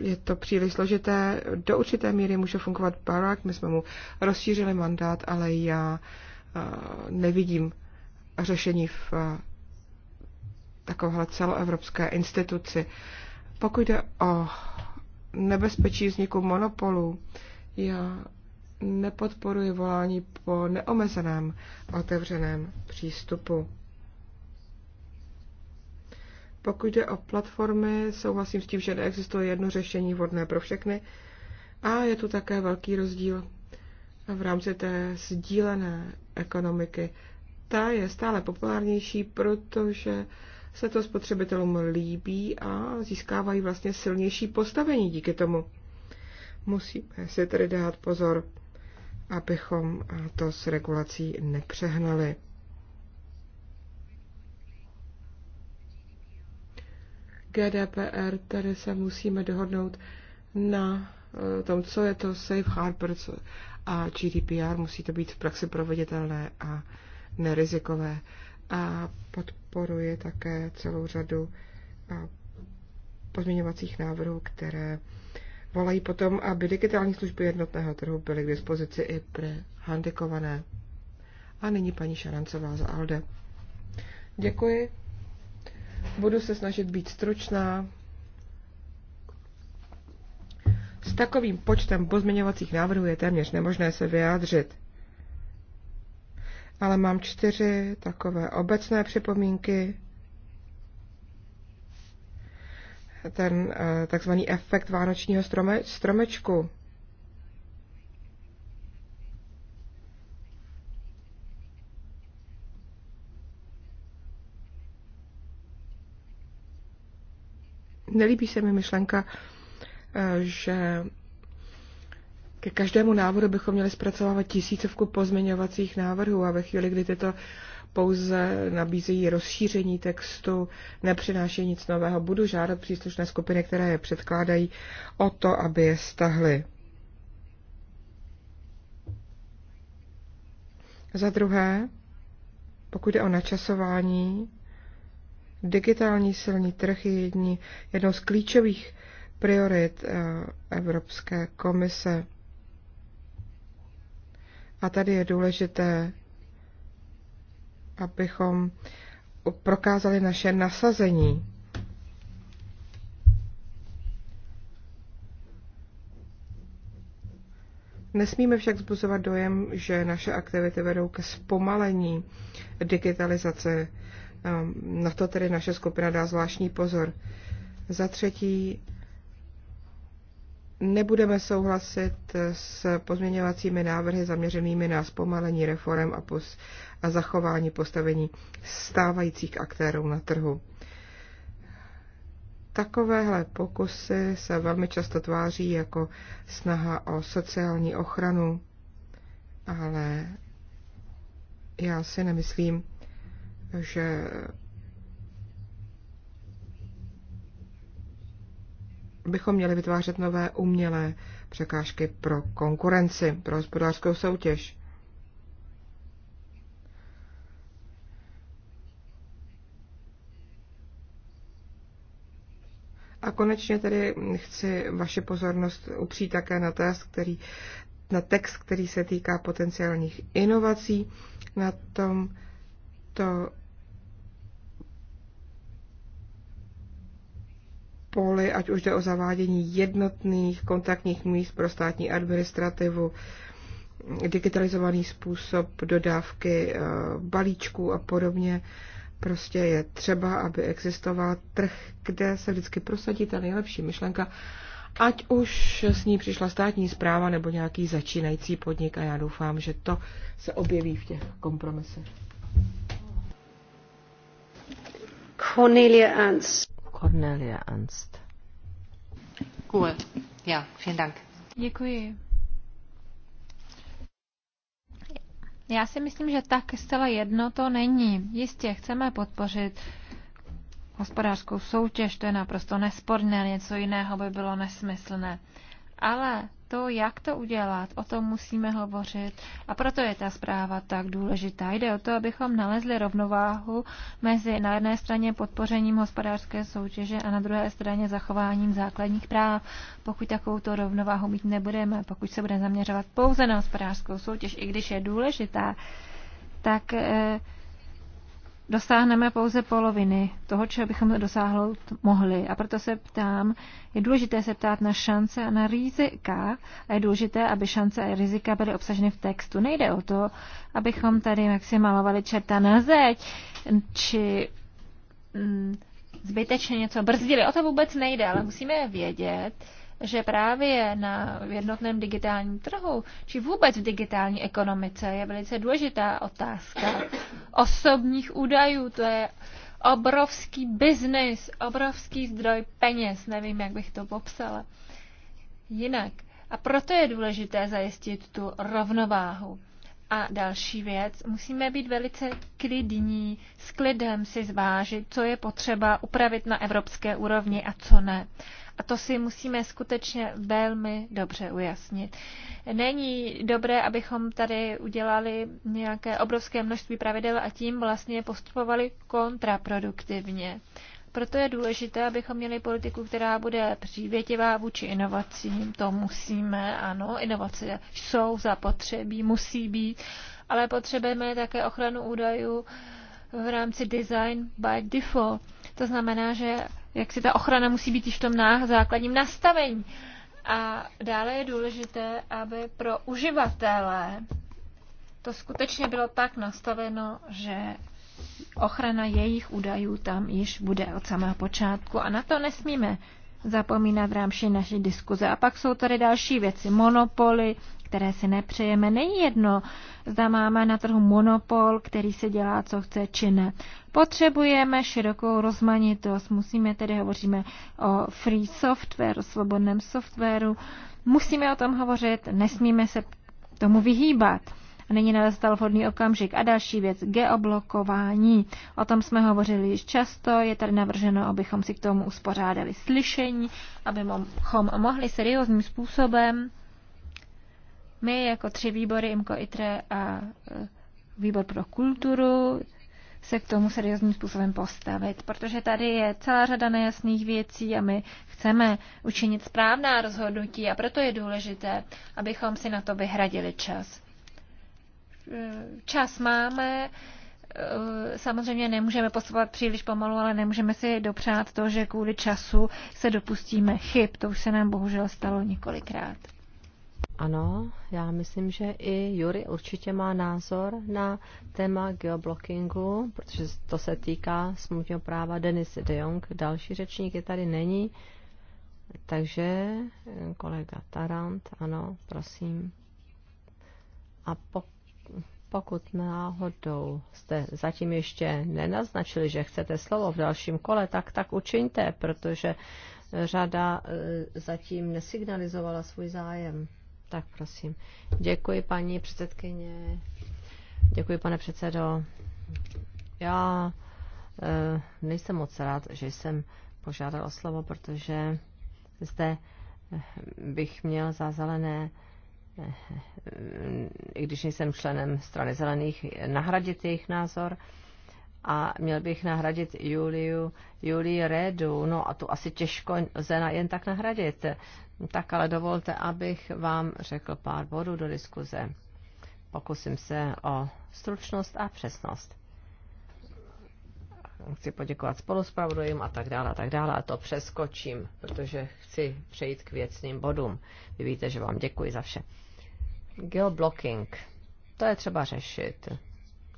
je to příliš složité. Do určité míry může fungovat barák, my jsme mu rozšířili mandát, ale já eh, nevidím řešení v eh, takovéhle celoevropské instituci. Pokud jde o nebezpečí vzniku monopolu. já nepodporuji volání po neomezeném otevřeném přístupu. Pokud jde o platformy, souhlasím s tím, že neexistuje jedno řešení vhodné pro všechny a je tu také velký rozdíl v rámci té sdílené ekonomiky. Ta je stále populárnější, protože se to spotřebitelům líbí a získávají vlastně silnější postavení díky tomu. Musíme si tedy dát pozor abychom eh, to s regulací nepřehnali. GDPR, tedy se musíme dohodnout na eh, tom, co je to safe harbor a GDPR, musí to být v praxi proveditelné a nerizikové. A podporuje také celou řadu eh, pozměňovacích návrhů, které volají potom, aby digitální služby jednotného trhu byly k dispozici i pro handikované. A nyní paní Šarancová za ALDE. Děkuji. Budu se snažit být stručná. S takovým počtem pozměňovacích návrhů je téměř nemožné se vyjádřit. Ale mám čtyři takové obecné připomínky ten eh, takzvaný efekt vánočního strome, stromečku. Nelíbí se mi myšlenka, eh, že ke každému návrhu bychom měli zpracovávat tisícovku pozměňovacích návrhů a ve chvíli, kdy tyto pouze nabízejí rozšíření textu, nepřinášejí nic nového. Budu žádat příslušné skupiny, které je předkládají, o to, aby je stahly. Za druhé, pokud je o načasování, digitální silní trh je jedni, jednou z klíčových priorit eh, Evropské komise. A tady je důležité abychom prokázali naše nasazení. Nesmíme však zbuzovat dojem, že naše aktivity vedou ke zpomalení digitalizace. Ehm, na to tedy naše skupina dá zvláštní pozor. Za třetí, nebudeme souhlasit s pozměňovacími návrhy zaměřenými na zpomalení reform a, pos- a zachování postavení stávajících aktérů na trhu. Takovéhle pokusy se velmi často tváří jako snaha o sociální ochranu, ale já si nemyslím, že bychom měli vytvářet nové umělé překážky pro konkurenci, pro hospodářskou soutěž. A konečně tedy chci vaši pozornost upřít také na test, který na text, který se týká potenciálních inovací. Na tom to poli, ať už jde o zavádění jednotných kontaktních míst pro státní administrativu, digitalizovaný způsob dodávky eh, balíčků a podobně. Prostě je třeba, aby existoval trh, kde se vždycky prosadí ta nejlepší myšlenka, ať už s ní přišla státní zpráva nebo nějaký začínající podnik a já doufám, že to se objeví v těch kompromisech. Cornelia Ernst. Cornelia Ernst. Cool. Ja, vielen Dank. Děkuji. Já si myslím, že tak zcela jedno to není. Jistě chceme podpořit hospodářskou soutěž, to je naprosto nesporné, něco jiného by bylo nesmyslné. Ale to, jak to udělat, o tom musíme hovořit. A proto je ta zpráva tak důležitá. Jde o to, abychom nalezli rovnováhu mezi na jedné straně podpořením hospodářské soutěže a na druhé straně zachováním základních práv. Pokud takovou rovnováhu mít nebudeme, pokud se bude zaměřovat pouze na hospodářskou soutěž, i když je důležitá, tak. Eh, dosáhneme pouze poloviny toho, čeho bychom dosáhnout mohli. A proto se ptám, je důležité se ptát na šance a na rizika a je důležité, aby šance a rizika byly obsaženy v textu. Nejde o to, abychom tady maximalovali čerta na zeď, či mm, zbytečně něco brzdili. O to vůbec nejde, ale musíme vědět, že právě na jednotném digitálním trhu, či vůbec v digitální ekonomice, je velice důležitá otázka osobních údajů. To je obrovský biznis, obrovský zdroj peněz, nevím, jak bych to popsala. Jinak. A proto je důležité zajistit tu rovnováhu. A další věc, musíme být velice klidní, s klidem si zvážit, co je potřeba upravit na evropské úrovni a co ne. A to si musíme skutečně velmi dobře ujasnit. Není dobré, abychom tady udělali nějaké obrovské množství pravidel a tím vlastně postupovali kontraproduktivně. Proto je důležité, abychom měli politiku, která bude přívětivá vůči inovacím. To musíme, ano, inovace jsou zapotřebí, musí být, ale potřebujeme také ochranu údajů v rámci design by default. To znamená, že jak si ta ochrana musí být již v tom základním nastavení. A dále je důležité, aby pro uživatele to skutečně bylo tak nastaveno, že ochrana jejich údajů tam již bude od samého počátku. A na to nesmíme zapomínat v rámci naší diskuze. A pak jsou tady další věci. Monopoly, které si nepřejeme. Není jedno, zda máme na trhu monopol, který se dělá, co chce, či ne. Potřebujeme širokou rozmanitost. Musíme tedy, hovoříme o free software, o svobodném softwaru. Musíme o tom hovořit, nesmíme se tomu vyhýbat není nenastal vhodný okamžik. A další věc, geoblokování. O tom jsme hovořili již často, je tady navrženo, abychom si k tomu uspořádali slyšení, abychom mohli seriózním způsobem my jako tři výbory, IMCO, ITRE a e, výbor pro kulturu, se k tomu seriózním způsobem postavit, protože tady je celá řada nejasných věcí a my chceme učinit správná rozhodnutí a proto je důležité, abychom si na to vyhradili čas. E, čas máme, e, samozřejmě nemůžeme postupovat příliš pomalu, ale nemůžeme si dopřát to, že kvůli času se dopustíme chyb. To už se nám bohužel stalo několikrát. Ano, já myslím, že i Jury určitě má názor na téma geoblockingu, protože to se týká smutního práva Denis de Jong. Další řečník je tady není. Takže eh, kolega Tarant, ano, prosím. A po, pokud náhodou jste zatím ještě nenaznačili, že chcete slovo v dalším kole, tak tak učiňte, protože řada eh, zatím nesignalizovala svůj zájem. Tak prosím. Děkuji, paní předsedkyně. Děkuji, pane předsedo. Já e, nejsem moc rád, že jsem požádal o slovo, protože zde eh, bych měl za zelené, eh, i když nejsem členem strany zelených, nahradit jejich názor. E, a měl bych nahradit Juliu, Julii Redu, no a tu asi těžko lze jen tak nahradit. Tak ale dovolte, abych vám řekl pár bodů do diskuze. Pokusím se o stručnost a přesnost. Chci poděkovat spoluspravodajům a tak dále a tak dále a to přeskočím, protože chci přejít k věcným bodům. Vy víte, že vám děkuji za vše. Geoblocking. To je třeba řešit.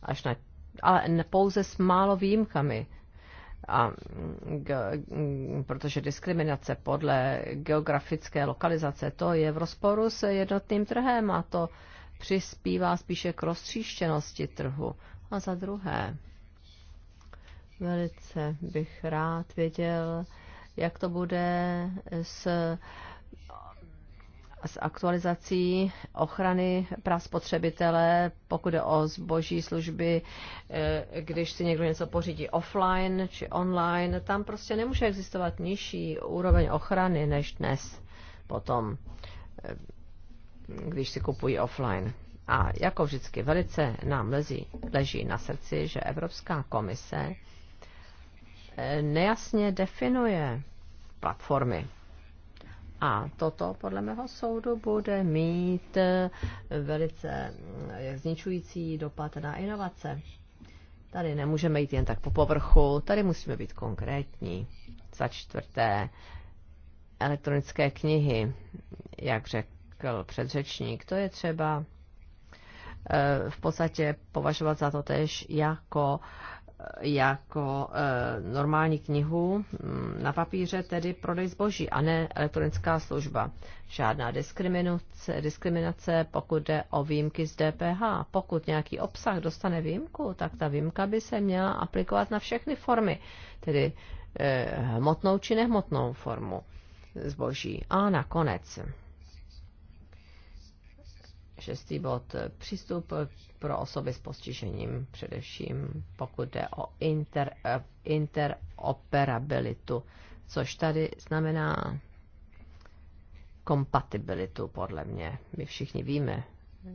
Až na ale pouze s málo výjimkami. A, protože diskriminace podle geografické lokalizace, to je v rozporu s jednotným trhem a to přispívá spíše k roztříštěnosti trhu. A za druhé, velice bych rád věděl, jak to bude s s aktualizací ochrany práv spotřebitele, pokud jde o zboží, služby, eh, když si někdo něco pořídí offline či online, tam prostě nemůže existovat nižší úroveň ochrany než dnes potom, eh, když si kupují offline. A jako vždycky velice nám lezí, leží na srdci, že Evropská komise eh, nejasně definuje platformy a toto podle mého soudu bude mít eh, velice eh, zničující dopad na inovace. Tady nemůžeme jít jen tak po povrchu, tady musíme být konkrétní. Za čtvrté, elektronické knihy, jak řekl předřečník, to je třeba eh, v podstatě považovat za to tež jako jako eh, normální knihu mm, na papíře, tedy prodej zboží a ne elektronická služba. Žádná diskriminace, diskriminace, pokud jde o výjimky z DPH. Pokud nějaký obsah dostane výjimku, tak ta výjimka by se měla aplikovat na všechny formy, tedy eh, hmotnou či nehmotnou formu zboží. A nakonec Šestý bod. Přístup pro osoby s postižením, především pokud jde o inter, interoperabilitu, což tady znamená kompatibilitu, podle mě. My všichni víme,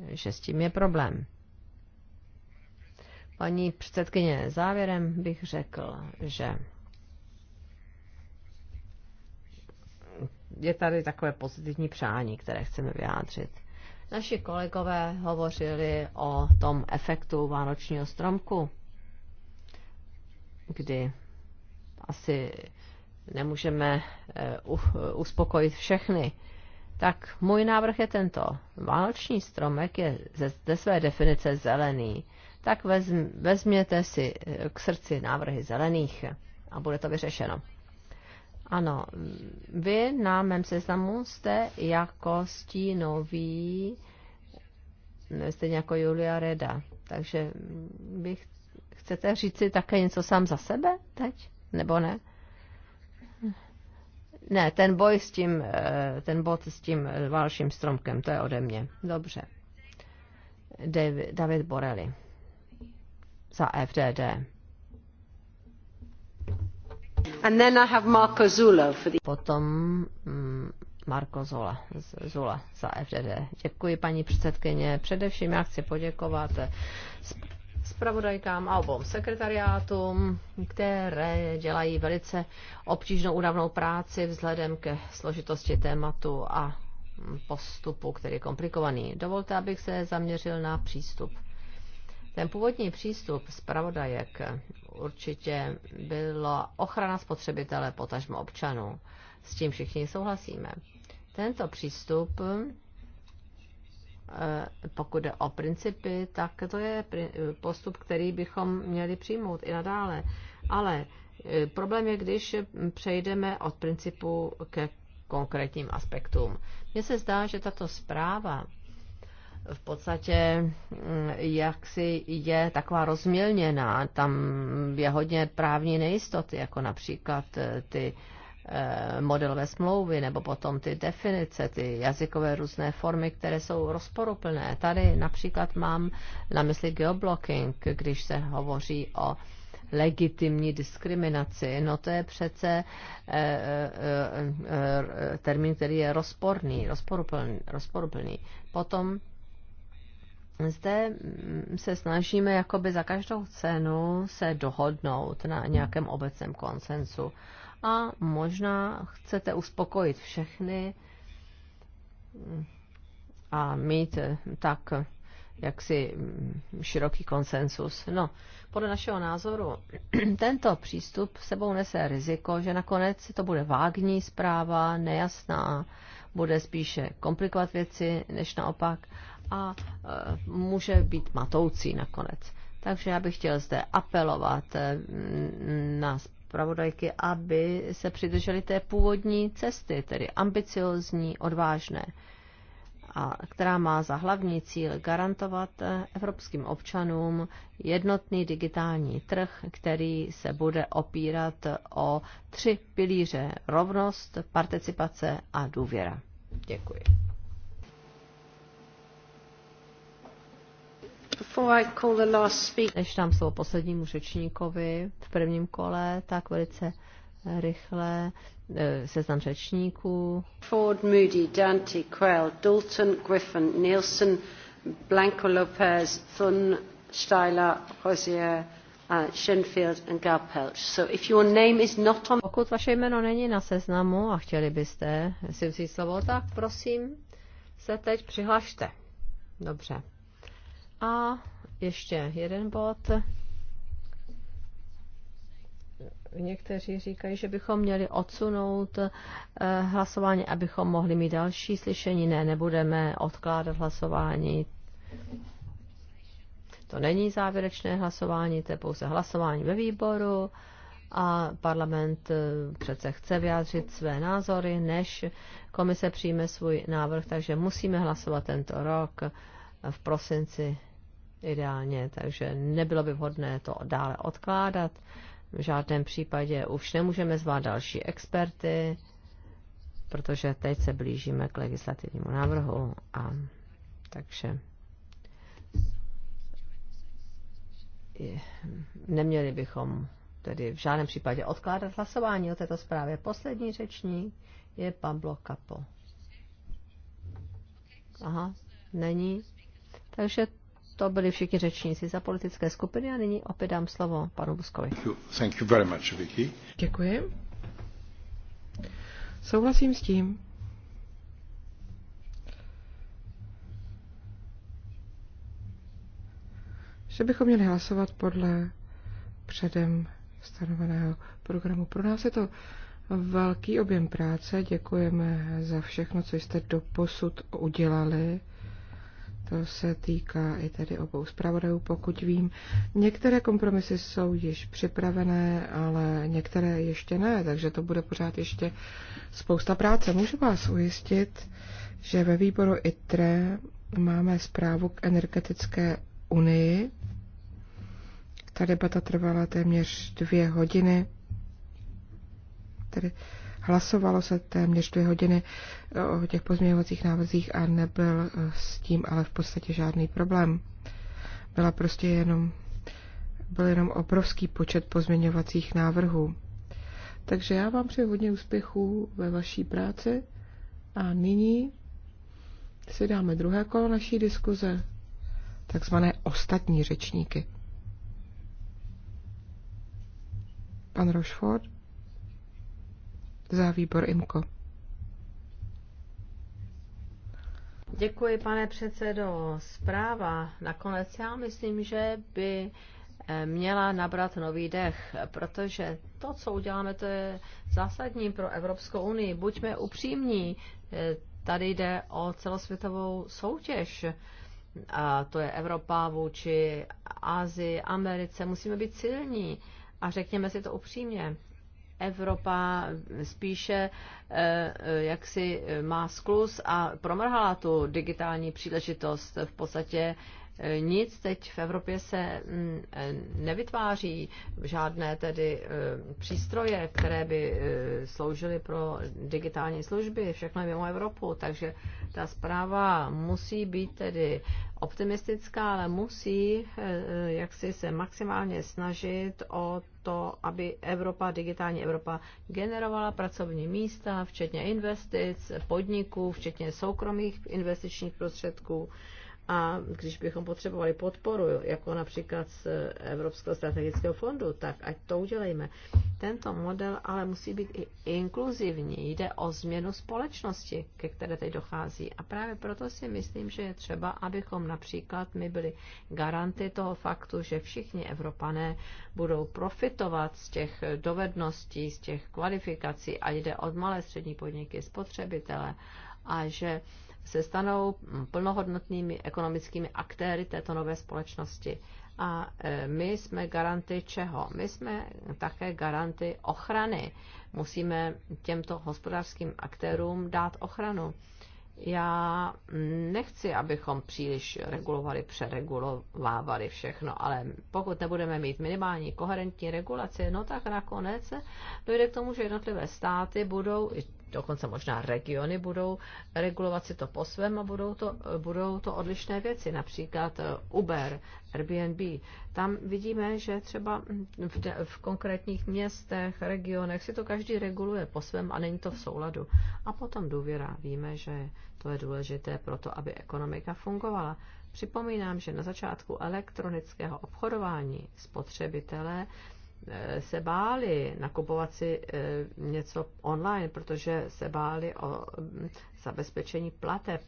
že s tím je problém. Paní předsedkyně, závěrem bych řekl, že je tady takové pozitivní přání, které chceme vyjádřit. Naši kolegové hovořili o tom efektu vánočního stromku, kdy asi nemůžeme eh, uspokojit všechny. Tak můj návrh je tento. Vánoční stromek je ze, ze své definice zelený. Tak vezměte si eh, k srdci návrhy zelených a bude to vyřešeno. Ano, vy na mém seznamu jste jako stínový, jste jako Julia Reda. Takže vy chcete říct si také něco sám za sebe teď? Nebo ne? Ne, ten boj s tím, eh, ten bod s tím valším stromkem, to je ode mě. Dobře. David Borelli za FDD. And then I have Marco for the... Potom mm, Marko Zola, Zula za FDD. Děkuji, paní předsedkyně. Především já chci poděkovat zpravodajkám a obou sekretariátům, které dělají velice obtížnou údavnou práci vzhledem ke složitosti tématu a postupu, který je komplikovaný. Dovolte, abych se zaměřil na přístup ten původní přístup zpravodajek určitě byla ochrana spotřebitele, potažmo občanů. S tím všichni souhlasíme. Tento přístup, eh, pokud jde o principy, tak to je postup, který bychom měli přijmout i nadále. Ale eh, problém je, když přejdeme od principu ke konkrétním aspektům. Mně se zdá, že tato zpráva v podstatě mm, jaksi je taková rozmělněná. Tam je hodně právní nejistoty, jako například eh, ty eh, modelové smlouvy, nebo potom ty definice, ty jazykové různé formy, které jsou rozporuplné. Tady například mám na mysli geoblocking, když se hovoří o legitimní diskriminaci. No to je přece eh, termín, který je rozporný, rozporuplný. rozporuplný. Potom zde mm, se snažíme jakoby za každou cenu se dohodnout na nějakém obecném konsensu. A možná chcete uspokojit všechny a mít mm, tak jaksi mm, široký konsensus. No, podle našeho názoru tento přístup sebou nese riziko, že nakonec to bude vágní zpráva, nejasná, bude spíše komplikovat věci než naopak a e, může být matoucí nakonec. Takže já bych chtěl zde apelovat e, na zpravodajky, aby se přidrželi té původní cesty, tedy ambiciozní, odvážné, a která má za hlavní cíl garantovat e, evropským občanům jednotný digitální trh, který se bude opírat o tři pilíře rovnost, participace a důvěra. Děkuji. Než dám slovo poslednímu řečníkovi v prvním kole, tak velice eh, rychle eh, seznam řečníků. Ford, Moody, Dante, Quell, Dalton, Griffin, Nielsen, Blanco Lopez, Thun, Steiler, Rosier, Galpelch. Pokud vaše jméno není na seznamu a chtěli byste si vzít slovo, tak prosím se teď přihlašte. Dobře. A ještě jeden bod. Někteří říkají, že bychom měli odsunout eh, hlasování, abychom mohli mít další slyšení. Ne, nebudeme odkládat hlasování. To není závěrečné hlasování, to je pouze hlasování ve výboru a parlament eh, přece chce vyjádřit své názory, než komise přijme svůj návrh, takže musíme hlasovat tento rok v prosinci ideálně, takže nebylo by vhodné to dále odkládat. V žádném případě už nemůžeme zvát další experty, protože teď se blížíme k legislativnímu návrhu a takže neměli bychom tedy v žádném případě odkládat hlasování o této zprávě. Poslední řeční je Pablo Capo. Aha, není. Takže to byli všichni řečníci za politické skupiny a nyní opět dám slovo panu Buskovi. Thank you, very much, Vicky. Děkuji. Souhlasím s tím. že bychom měli hlasovat podle předem stanoveného programu. Pro nás je to velký objem práce, děkujeme za všechno, co jste do posud udělali. To se týká i tedy obou zpravodajů, pokud vím. Některé kompromisy jsou již připravené, ale některé ještě ne, takže to bude pořád ještě spousta práce. Můžu vás ujistit, že ve výboru ITRE máme zprávu k energetické unii. Ta debata trvala téměř dvě hodiny. Tedy Hlasovalo se téměř dvě hodiny eh, o těch pozměňovacích návrzích a nebyl eh, s tím ale v podstatě žádný problém. Byla prostě jenom, byl jenom obrovský počet pozměňovacích návrhů. Takže já vám přeji hodně úspěchů ve vaší práci a nyní si dáme druhé kolo naší diskuze, takzvané ostatní řečníky. Pan Rochefort za výbor IMKO. Děkuji, pane předsedo. Zpráva nakonec já myslím, že by eh, měla nabrat nový dech, protože to, co uděláme, to je zásadní pro Evropskou unii. Buďme upřímní, eh, tady jde o celosvětovou soutěž. A to je Evropa vůči Asii, Americe. Musíme být silní a řekněme si to upřímně. Evropa spíše eh, eh, jak si má sklus a promrhala tu digitální příležitost. V podstatě nic teď v Evropě se mm, e, nevytváří, žádné tedy e, přístroje, které by e, sloužily pro digitální služby, všechno je mimo Evropu, takže ta zpráva musí být tedy optimistická, ale musí jaksi se maximálně snažit o to, aby Evropa, digitální Evropa, generovala pracovní místa, včetně investic, podniků, včetně soukromých investičních prostředků. A když bychom potřebovali podporu, jako například z Evropského strategického fondu, tak ať to udělejme. Tento model ale musí být i inkluzivní. Jde o změnu společnosti, ke které teď dochází. A právě proto si myslím, že je třeba, abychom například my byli garanty toho faktu, že všichni Evropané budou profitovat z těch dovedností, z těch kvalifikací, a jde od malé střední podniky, spotřebitele, a že se stanou plnohodnotnými ekonomickými aktéry této nové společnosti. A e, my jsme garanty čeho? My jsme také garanty ochrany. Musíme těmto hospodářským aktérům dát ochranu. Já nechci, abychom příliš regulovali, přeregulovávali všechno, ale pokud nebudeme mít minimální koherentní regulaci, no tak nakonec dojde k tomu, že jednotlivé státy budou dokonce možná regiony budou regulovat si to po svém a budou to, budou to odlišné věci, například eh, Uber, Airbnb. Tam vidíme, že třeba v, de, v konkrétních městech, regionech si to každý reguluje po svém a není to v souladu. A potom důvěra. Víme, že to je důležité pro to, aby ekonomika fungovala. Připomínám, že na začátku elektronického obchodování spotřebitelé Eh, se báli nakupovat si eh, něco online, protože se báli o mm, zabezpečení plateb.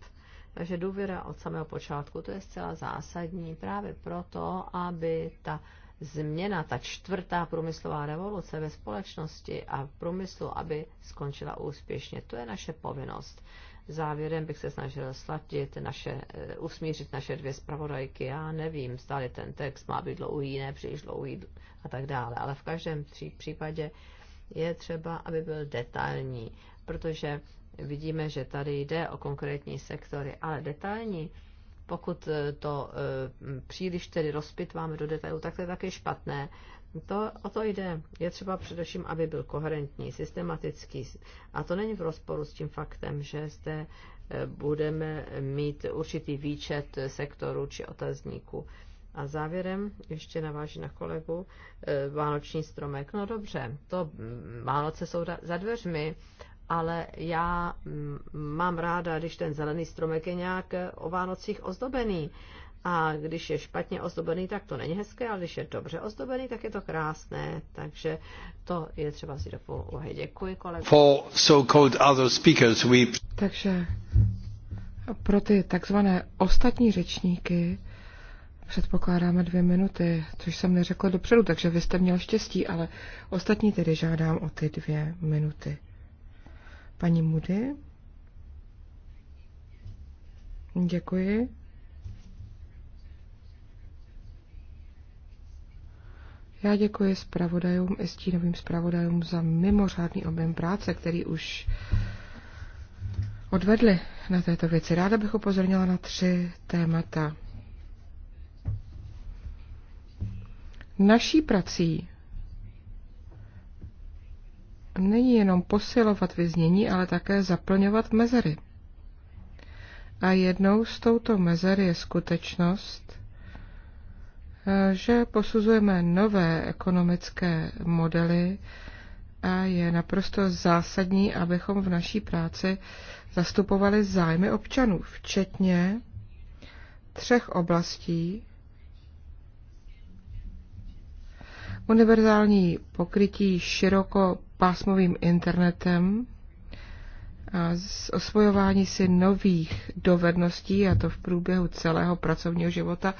Takže důvěra od samého počátku, to je zcela zásadní právě proto, aby ta změna, ta čtvrtá průmyslová revoluce ve společnosti a v průmyslu, aby skončila úspěšně. To je naše povinnost. Závěrem bych se snažil sladit, naše, eh, usmířit naše dvě zpravodajky. Já nevím, stále ten text má být dlouhý, ne příliš dlouhý a tak dále. Ale v každém případě je třeba, aby byl detailní, protože vidíme, že tady jde o konkrétní sektory, ale detailní, pokud eh, to eh, příliš tedy rozpitváme do detailu, tak to je taky špatné, to, o to jde. Je třeba především, aby byl koherentní, systematický. A to není v rozporu s tím faktem, že zde eh, budeme mít určitý výčet sektorů či otazníků. A závěrem ještě naváží na kolegu eh, Vánoční stromek. No dobře, to mm, Vánoce jsou za dveřmi, ale já mm, mám ráda, když ten zelený stromek je nějak eh, o Vánocích ozdobený. A když je špatně ozdobený, tak to není hezké, ale když je dobře ozdobený, tak je to krásné. Takže to je třeba si do úvahy. Děkuji, kolego. so we... Takže pro ty takzvané ostatní řečníky předpokládáme dvě minuty, což jsem neřekla dopředu, takže vy jste měl štěstí, ale ostatní tedy žádám o ty dvě minuty. Paní Mudy? Děkuji. Já děkuji zpravodajům i stínovým zpravodajům za mimořádný objem práce, který už odvedli na této věci. Ráda bych upozornila na tři témata. Naší prací není jenom posilovat vyznění, ale také zaplňovat mezery. A jednou z touto mezer je skutečnost, že posuzujeme nové ekonomické modely a je naprosto zásadní, abychom v naší práci zastupovali zájmy občanů, včetně třech oblastí. Univerzální pokrytí širokopásmovým internetem, a osvojování si nových dovedností, a to v průběhu celého pracovního života,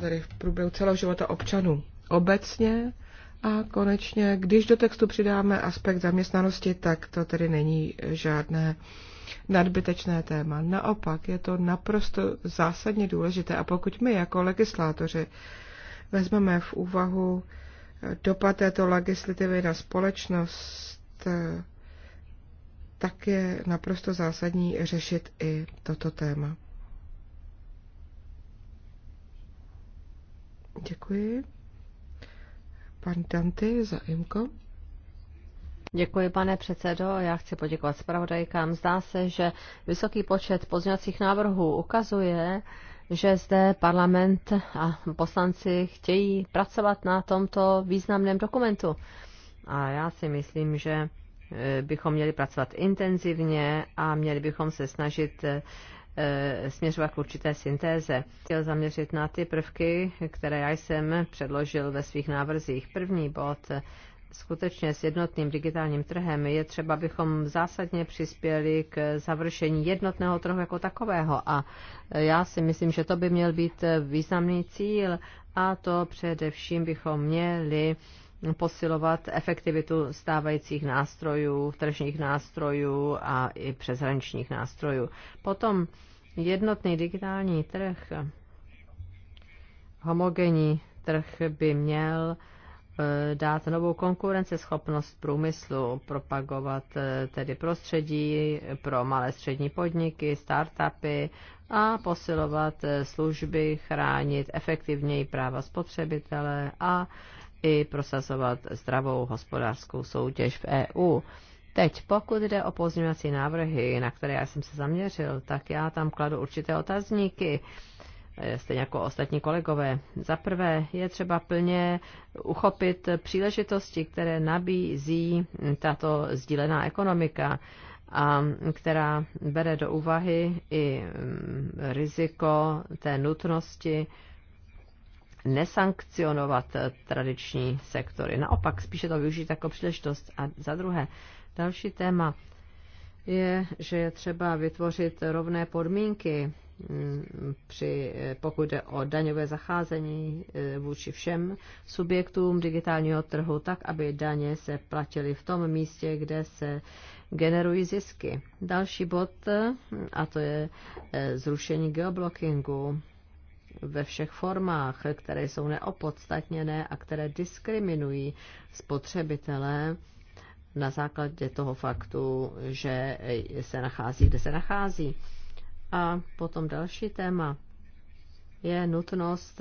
Tady v průběhu celého života občanů obecně. A konečně, když do textu přidáme aspekt zaměstnanosti, tak to tedy není žádné nadbytečné téma. Naopak, je to naprosto zásadně důležité. A pokud my jako legislátoři vezmeme v úvahu dopad této legislativy na společnost, tak je naprosto zásadní řešit i toto téma. Děkuji. Pan Dante za imko. Děkuji, pane předsedo. Já chci poděkovat zpravodajkám. Zdá se, že vysoký počet pozměňovacích návrhů ukazuje, že zde parlament a poslanci chtějí pracovat na tomto významném dokumentu. A já si myslím, že eh, bychom měli pracovat intenzivně a měli bychom se snažit eh, Eh, směřovat k určité syntéze. Chtěl zaměřit na ty prvky, které já jsem předložil ve svých návrzích. První bod skutečně s jednotným digitálním trhem je třeba, abychom zásadně přispěli k završení jednotného trhu jako takového. A já si myslím, že to by měl být významný cíl a to především bychom měli posilovat efektivitu stávajících nástrojů, tržních nástrojů a i přeshraničních nástrojů. Potom jednotný digitální trh, homogenní trh by měl eh, dát novou konkurenceschopnost průmyslu, propagovat eh, tedy prostředí pro malé střední podniky, startupy a posilovat eh, služby, chránit efektivněji práva spotřebitele a i prosazovat zdravou hospodářskou soutěž v EU. Teď, pokud jde o pozměňovací návrhy, na které já jsem se zaměřil, tak já tam kladu určité otazníky, eh, stejně jako ostatní kolegové. Za prvé je třeba plně uchopit příležitosti, které nabízí tato sdílená ekonomika a která bere do úvahy i mm, riziko té nutnosti nesankcionovat eh, tradiční sektory. Naopak, spíše to využít jako příležitost. A za druhé, další téma je, že je třeba vytvořit rovné podmínky, mm, při, eh, pokud jde o daňové zacházení eh, vůči všem subjektům digitálního trhu, tak aby daně se platily v tom místě, kde se generují zisky. Další bod, a to je zrušení geoblockingu ve všech formách, které jsou neopodstatněné a které diskriminují spotřebitele na základě toho faktu, že se nachází, kde se nachází. A potom další téma je nutnost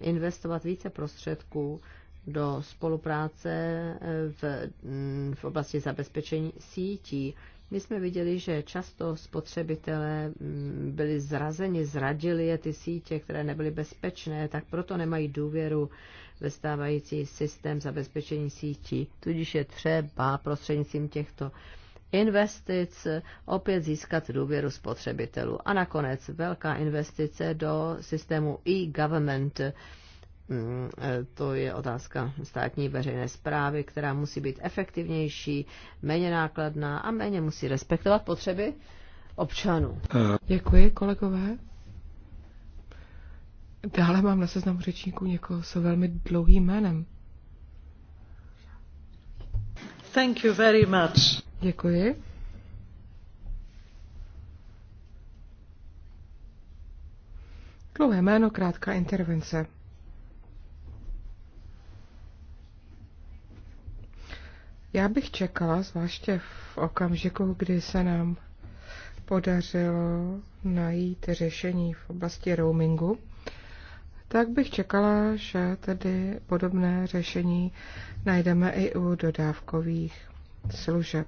investovat více prostředků do spolupráce v, v oblasti zabezpečení sítí my jsme viděli, že často spotřebitelé mm, byli zrazeni, zradili je ty sítě, které nebyly bezpečné, tak proto nemají důvěru ve stávající systém zabezpečení sítí. Tudíž je třeba prostřednictvím těchto investic opět získat důvěru spotřebitelů. A nakonec velká investice do systému e-government, Mm, eh, to je otázka státní veřejné zprávy, která musí být efektivnější, méně nákladná a méně musí respektovat potřeby občanů. Eh. Děkuji, kolegové. Dále mám na seznamu řečníků někoho s velmi dlouhým jménem. Thank you very much. Děkuji. Dlouhé jméno, krátká intervence. Já bych čekala, zvláště v okamžiku, kdy se nám podařilo najít řešení v oblasti roamingu, tak bych čekala, že tedy podobné řešení najdeme i u dodávkových služeb.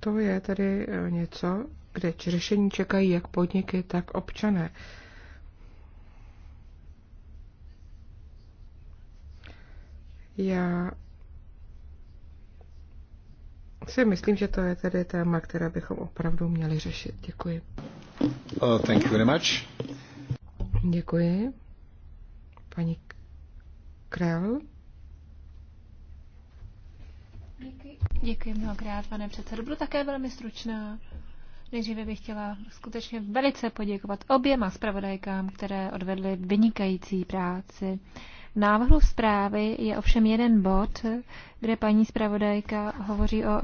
To je tedy eh, něco, kde řešení čekají jak podniky, tak občané. Já si myslím, že to je tedy téma, které bychom opravdu měli řešit. Děkuji. Oh, thank you very much. Děkuji. Paní Krell. Děkuji. Děkuji mnohokrát, pane předsedo. Budu také velmi stručná. Nejdříve bych chtěla skutečně velice poděkovat oběma zpravodajkám, které odvedly vynikající práci. Uh, návrhu zprávy je ovšem jeden bod, kde paní zpravodajka hovoří o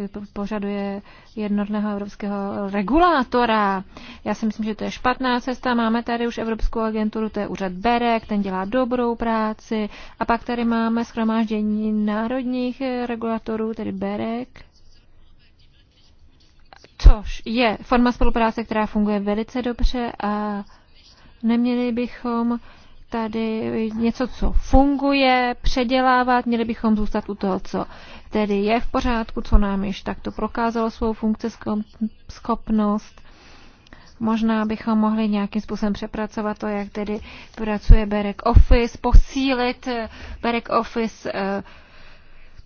eh, požaduje jednotného evropského regulátora. Já si myslím, že to je špatná cesta. Máme tady už Evropskou agenturu, to je úřad Berek, ten dělá dobrou práci. A pak tady máme schromáždění národních regulatorů, tedy Berek. Což je forma spolupráce, která funguje velice dobře a neměli bychom tady něco, co funguje, předělávat, měli bychom zůstat u toho, co tedy je v pořádku, co nám již takto prokázalo svou funkce schopnost. Možná bychom mohli nějakým způsobem přepracovat to, jak tedy pracuje Berek Office, posílit Berek Office eh,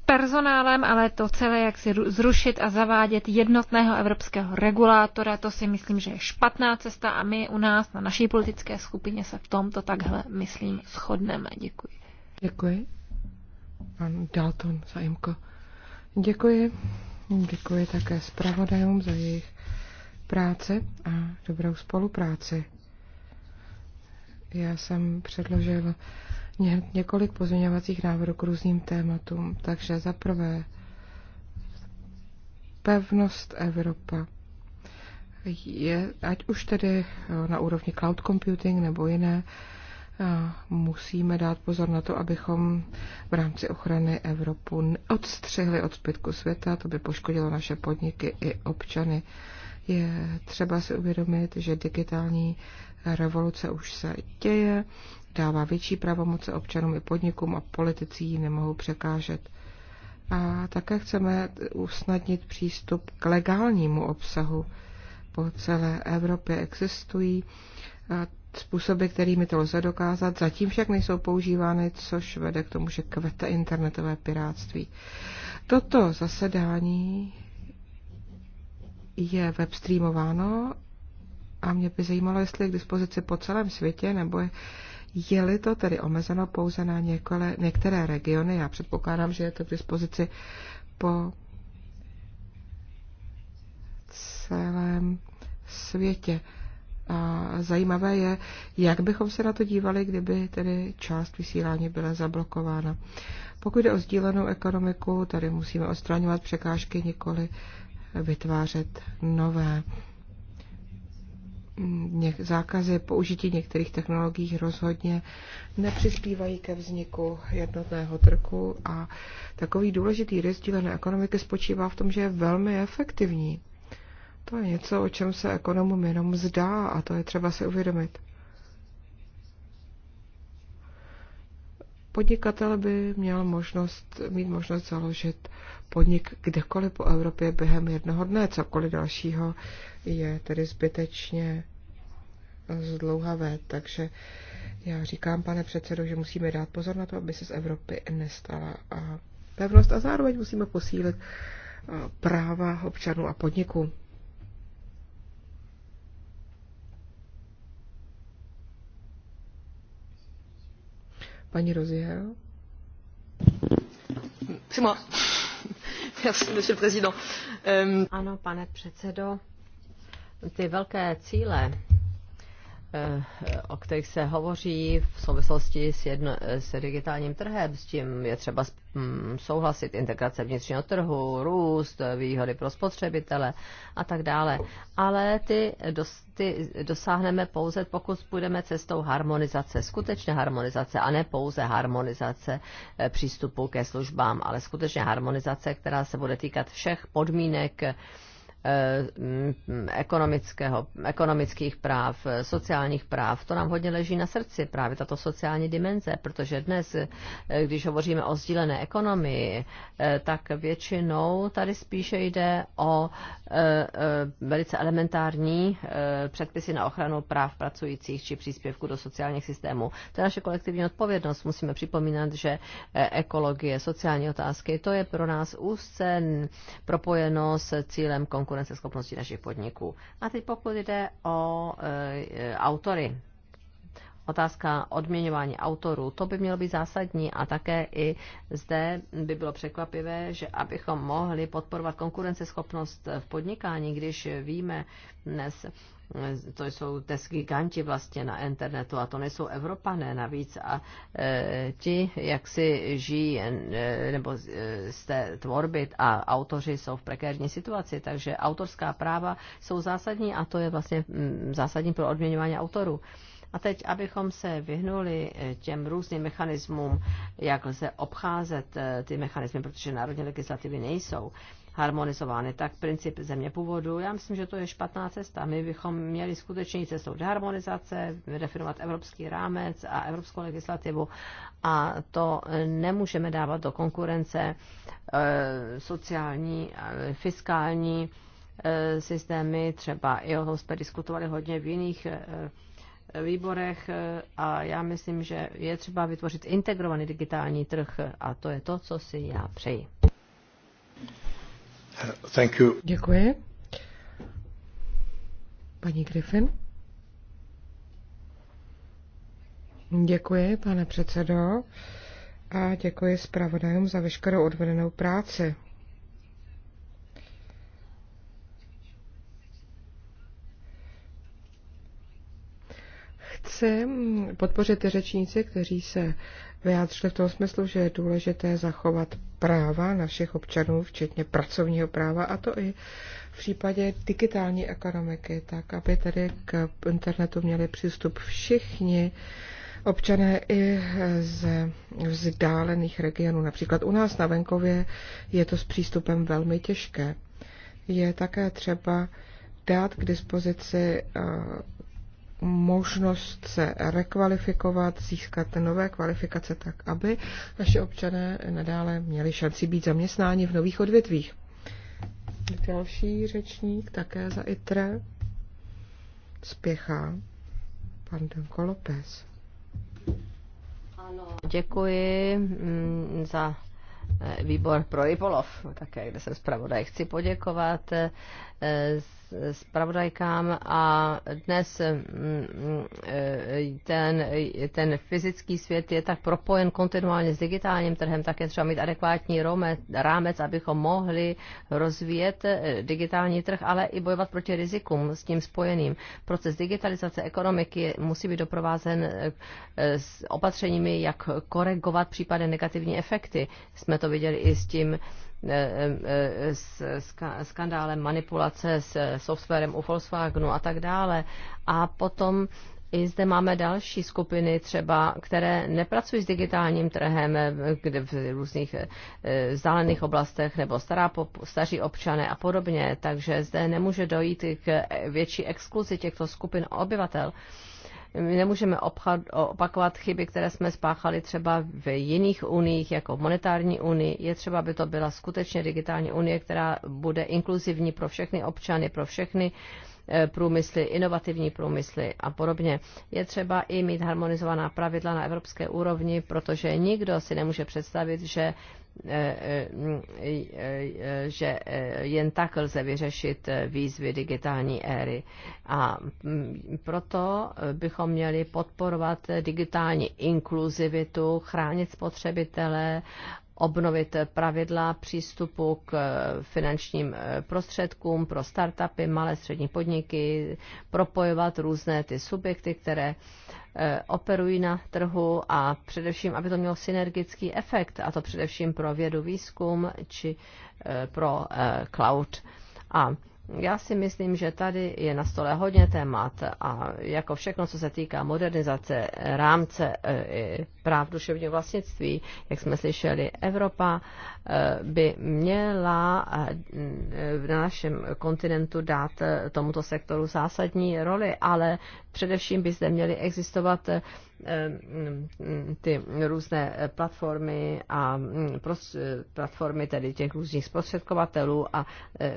personálem, ale to celé, jak si zrušit a zavádět jednotného evropského regulátora, to si myslím, že je špatná cesta a my u nás na naší politické skupině se v tomto takhle, myslím, shodneme. Děkuji. Děkuji. Pan Dalton Zajímko. Děkuji. Děkuji také zpravodajům za jejich práci a dobrou spolupráci. Já jsem předložil několik pozměňovacích návrhů k různým tématům. Takže za prvé, pevnost Evropa. Je, ať už tedy eh, na úrovni cloud computing nebo jiné, eh, musíme dát pozor na to, abychom v rámci ochrany Evropu neodstřihli od zbytku světa, to by poškodilo naše podniky i občany. Je třeba si uvědomit, že digitální revoluce už se děje dává větší pravomoce občanům i podnikům a politici ji nemohou překážet. A také chceme usnadnit přístup k legálnímu obsahu. Po celé Evropě existují způsoby, kterými to lze dokázat, zatím však nejsou používány, což vede k tomu, že kvete internetové pirátství. Toto zasedání je webstreamováno a mě by zajímalo, jestli je k dispozici po celém světě, nebo je je-li to tedy omezeno pouze na někole, některé regiony, já předpokládám, že je to k dispozici po celém světě. A zajímavé je, jak bychom se na to dívali, kdyby tedy část vysílání byla zablokována. Pokud jde o sdílenou ekonomiku, tady musíme odstraňovat překážky, nikoli vytvářet nové zákazy použití některých technologií rozhodně nepřispívají ke vzniku jednotného trhu a takový důležitý risk dílené ekonomiky spočívá v tom, že je velmi efektivní. To je něco, o čem se ekonomům jenom zdá a to je třeba si uvědomit. Podnikatel by měl možnost, mít možnost založit podnik kdekoliv po Evropě během jednoho dne, cokoliv dalšího je tedy zbytečně zdlouhavé. Takže já říkám, pane předsedo, že musíme dát pozor na to, aby se z Evropy nestala a pevnost a zároveň musíme posílit práva občanů a podniků. Paní Rozier. Euh, ano, pane předsedo ty velké cíle, eh, o kterých se hovoří v souvislosti s, jedno, s digitálním trhem, s tím je třeba mm, souhlasit integrace vnitřního trhu, růst, výhody pro spotřebitele a tak dále. Ale ty, dos, ty dosáhneme pouze, pokud půjdeme cestou harmonizace, skutečně harmonizace a ne pouze harmonizace eh, přístupu ke službám, ale skutečně harmonizace, která se bude týkat všech podmínek Eh, ekonomického, ekonomických práv, eh, sociálních práv. To nám hodně leží na srdci, právě tato sociální dimenze, protože dnes, eh, když hovoříme o sdílené ekonomii, tak většinou tady spíše jde o velice elementární předpisy na ochranu práv pracujících či příspěvku do sociálních systémů. To je naše kolektivní odpovědnost. Musíme připomínat, že ekologie, sociální otázky, to je pro nás úzce propojeno s cílem konkurence konkurenceschopnosti našich podniků. A teď pokud jde o e, e, autory, otázka odměňování autorů, to by mělo být zásadní a také i zde by bylo překvapivé, že abychom mohli podporovat konkurenceschopnost v podnikání, když víme dnes, to jsou dnes giganti vlastně na internetu a to nejsou Evropané navíc a e, ti, jak si žijí e, nebo e, z té tvorby a autoři jsou v prekérní situaci, takže autorská práva jsou zásadní a to je vlastně m, mm, zásadní pro odměňování autorů. A teď, abychom se vyhnuli e, těm různým mechanismům, jak lze obcházet e, ty mechanismy, protože národní legislativy nejsou, harmonizovány. Tak princip země původu, já myslím, že to je špatná cesta. My bychom měli skutečně cestou harmonizace, definovat evropský rámec a evropskou legislativu a to nemůžeme dávat do konkurence eh, sociální, fiskální eh, systémy, třeba i o tom jsme diskutovali hodně v jiných eh, výborech a já myslím, že je třeba vytvořit integrovaný digitální trh a to je to, co si já přeji. Thank you. Děkuji. Paní Griffin. Děkuji, pane předsedo, a děkuji zpravodajům za veškerou odvedenou práci. chci podpořit ty řečníci, kteří se vyjádřili v tom smyslu, že je důležité zachovat práva našich občanů, včetně pracovního práva, a to i v případě digitální ekonomiky, tak aby tedy k internetu měli přístup všichni občané i ze vzdálených regionů. Například u nás na venkově je to s přístupem velmi těžké. Je také třeba dát k dispozici eh, možnost se rekvalifikovat, získat nové kvalifikace tak, aby naše občané nadále měli šanci být zaměstnáni v nových odvětvích. Další řečník, také za ITRE, spěchá pan Danko López. Ano, děkuji mm, za eh, výbor pro Ivolov, také kde jsem zpravodaj. Chci poděkovat eh, spravodajkám a dnes mm, ten, ten fyzický svět je tak propojen kontinuálně s digitálním trhem, tak je třeba mít adekvátní rámec, abychom mohli rozvíjet eh, digitální trh, ale i bojovat proti rizikům s tím spojeným. Proces digitalizace ekonomiky musí být doprovázen eh, s opatřeními, jak koregovat případné negativní efekty. Jsme to viděli i s tím Eh, eh, skandálem manipulace s eh, softwarem u Volkswagenu a tak dále. A potom i zde máme další skupiny třeba, které nepracují s digitálním trhem kde v různých vzdálených oblastech nebo stará, staří občané a podobně, takže zde nemůže dojít k větší exkluzi těchto skupin obyvatel. My nemůžeme opakovat chyby, které jsme spáchali třeba v jiných uniích, jako v monetární unii. Je třeba, aby to byla skutečně digitální unie, která bude inkluzivní pro všechny občany, pro všechny eh, průmysly, inovativní průmysly a podobně. Je třeba i mít harmonizovaná pravidla na evropské úrovni, protože nikdo si nemůže představit, že že jen tak lze vyřešit výzvy digitální éry. A proto bychom měli podporovat digitální inkluzivitu, chránit spotřebitele, obnovit pravidla přístupu k finančním prostředkům pro startupy, malé střední podniky, propojovat různé ty subjekty, které Eh, operují na trhu a především, aby to mělo synergický efekt, a to především pro vědu výzkum či eh, pro eh, cloud. A já si myslím, že tady je na stole hodně témat a jako všechno, co se týká modernizace rámce e, práv duševního vlastnictví, jak jsme slyšeli, Evropa e, by měla e, na našem kontinentu dát tomuto sektoru zásadní roli, ale především by zde měly existovat ty různé platformy a mm, platformy tedy těch různých zprostředkovatelů, a,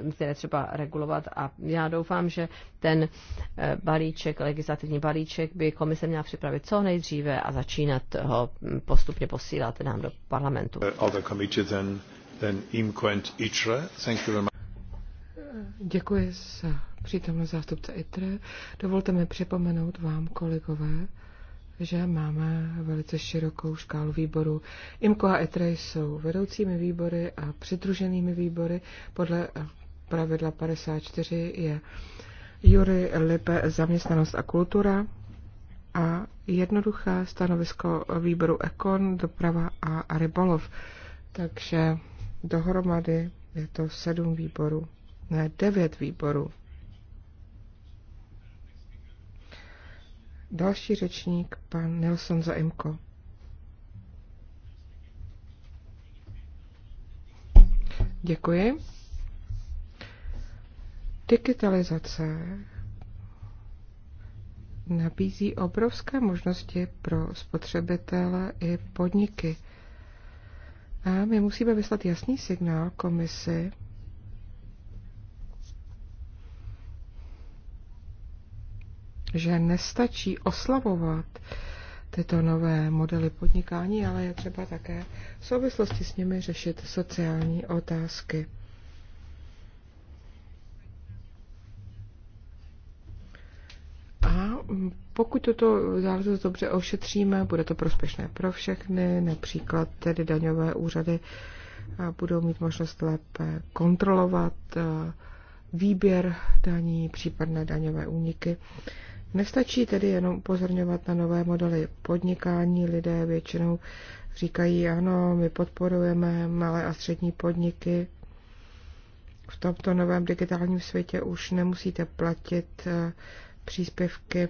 mm, které třeba regulovat. A já doufám, že ten e, balíček, legislativní balíček by komise měla připravit co nejdříve a začínat ho mm, postupně posílat nám do parlamentu. Uh, Děkuji za přítomnost zástupce ITRE. Dovolte mi připomenout vám, kolegové, že máme velice širokou škálu výborů. IMCO a ETRE e jsou vedoucími výbory a přidruženými výbory. Podle pravidla 54 je Jury Lipe zaměstnanost a kultura a jednoduché stanovisko výboru Ekon, doprava a rybolov. Takže dohromady je to sedm výborů, ne devět výborů. Další řečník, pan Nelson Zaimko. Děkuji. Digitalizace nabízí obrovské možnosti pro spotřebitele i podniky. A my musíme vyslat jasný signál komisi, že nestačí oslavovat tyto nové modely podnikání, ale je třeba také v souvislosti s nimi řešit sociální otázky. A pokud toto záležitost dobře ošetříme, bude to prospěšné pro všechny, například tedy daňové úřady budou mít možnost lépe kontrolovat výběr daní, případné daňové úniky. Nestačí tedy jenom upozorňovat na nové modely podnikání. Lidé většinou říkají, ano, my podporujeme malé a střední podniky. V tomto novém digitálním světě už nemusíte platit eh, příspěvky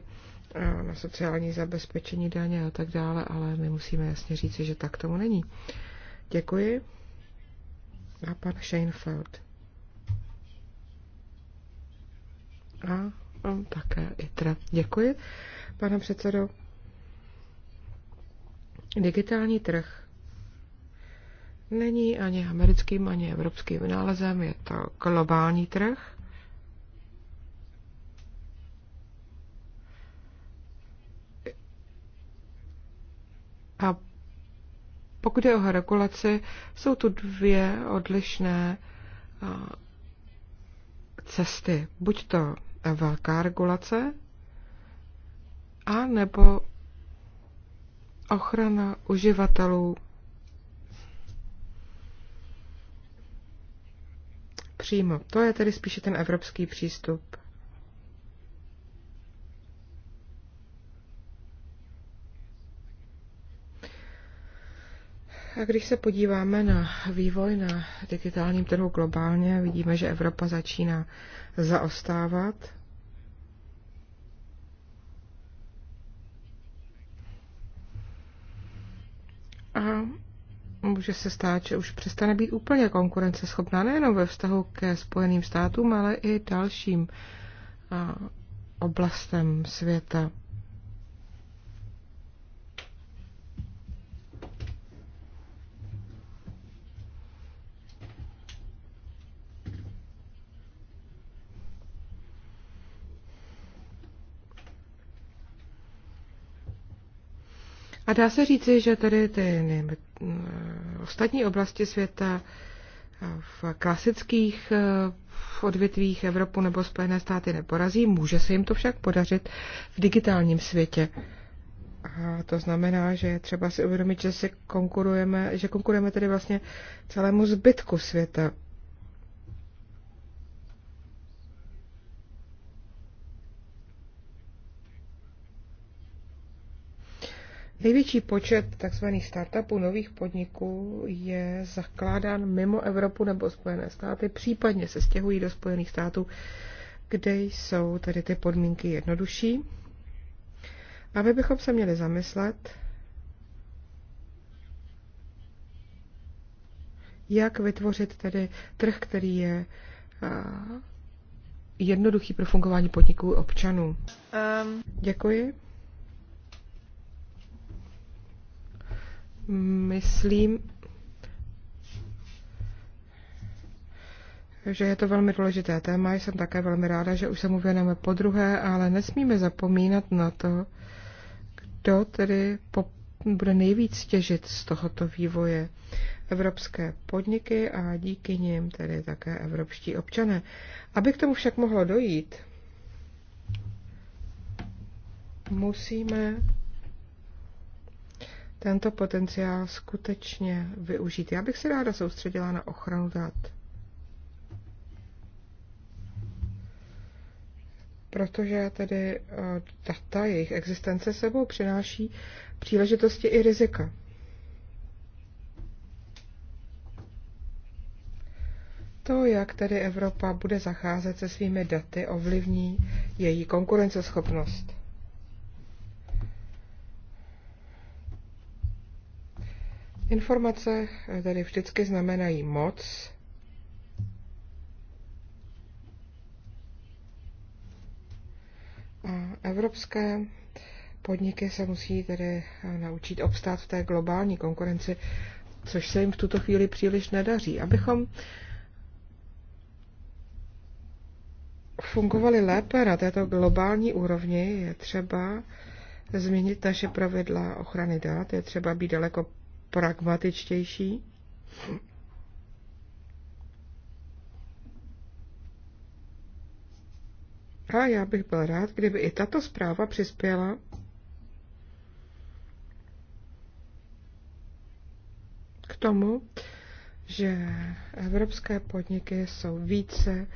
eh, na sociální zabezpečení daně a tak dále, ale my musíme jasně říci, že tak tomu není. Děkuji. A pan Scheinfeld. A také teda Děkuji, pane předsedo. Digitální trh není ani americkým, ani evropským vynálezem, je to globální trh. A pokud je o regulaci, jsou tu dvě odlišné cesty. Buď to velká regulace a nebo ochrana uživatelů přímo. To je tedy spíše ten evropský přístup. A když se podíváme na vývoj na digitálním trhu globálně, vidíme, že Evropa začíná zaostávat. A může se stát, že už přestane být úplně konkurenceschopná nejenom ve vztahu ke Spojeným státům, ale i dalším oblastem světa. Dá se říci, že tedy ty nevím, eh, ostatní oblasti světa eh, v klasických v eh, odvětvích Evropu nebo Spojené státy neporazí, může se jim to však podařit v digitálním světě. A to znamená, že je třeba si uvědomit, že si konkurujeme, že konkurujeme tedy vlastně celému zbytku světa. Největší počet tzv. startupů, nových podniků je zakládán mimo Evropu nebo Spojené státy, případně se stěhují do Spojených států, kde jsou tedy ty podmínky jednodušší. A my bychom se měli zamyslet, jak vytvořit tedy trh, který je jednoduchý pro fungování podniků občanů. Um. Děkuji. myslím, že je to velmi důležité téma. Jsem také velmi ráda, že už se mu věneme po druhé, ale nesmíme zapomínat na to, kdo tedy po, bude nejvíc těžit z tohoto vývoje. Evropské podniky a díky nim tedy také evropští občané. Aby k tomu však mohlo dojít, musíme tento potenciál skutečně využít. Já bych se ráda soustředila na ochranu dat. Protože tedy eh, data, jejich existence sebou přináší příležitosti i rizika. To, jak tedy Evropa bude zacházet se svými daty, ovlivní její konkurenceschopnost. Informace eh, tady vždycky znamenají moc. A evropské podniky se musí tedy eh, naučit obstát v té globální konkurenci, což se jim v tuto chvíli příliš nedaří. Abychom fungovali lépe na této globální úrovni, je třeba změnit naše pravidla ochrany dat, je třeba být daleko pragmatičtější. A já bych byl rád, kdyby i tato zpráva přispěla k tomu, že evropské podniky jsou více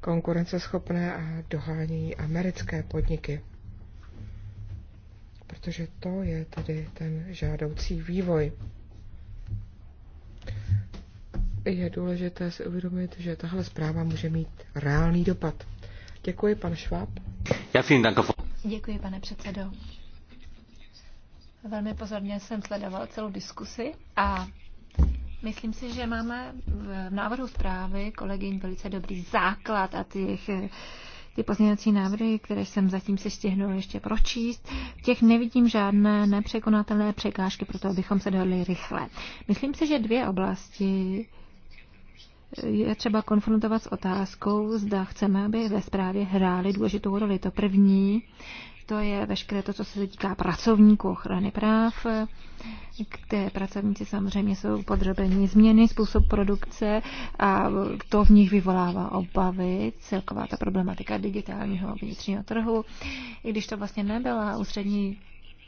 konkurenceschopné a dohání americké podniky. Protože to je tedy ten žádoucí vývoj je důležité si uvědomit, že tahle zpráva může mít reálný dopad. Děkuji, pan Šváb. Děkuji, pane předsedo. Velmi pozorně jsem sledoval celou diskusi a myslím si, že máme v návrhu zprávy kolegyň velice dobrý základ a těch ty pozměňovací návrhy, které jsem zatím se stihnul ještě pročíst, v těch nevidím žádné nepřekonatelné překážky pro to, abychom se dohodli rychle. Myslím si, že dvě oblasti je třeba konfrontovat s otázkou, zda chceme, aby ve zprávě hráli důležitou roli. To první, to je veškeré to, co se týká pracovníků ochrany práv, které pracovníci samozřejmě jsou podrobení změny, způsob produkce a to v nich vyvolává obavy, celková ta problematika digitálního vnitřního trhu, i když to vlastně nebyla ústřední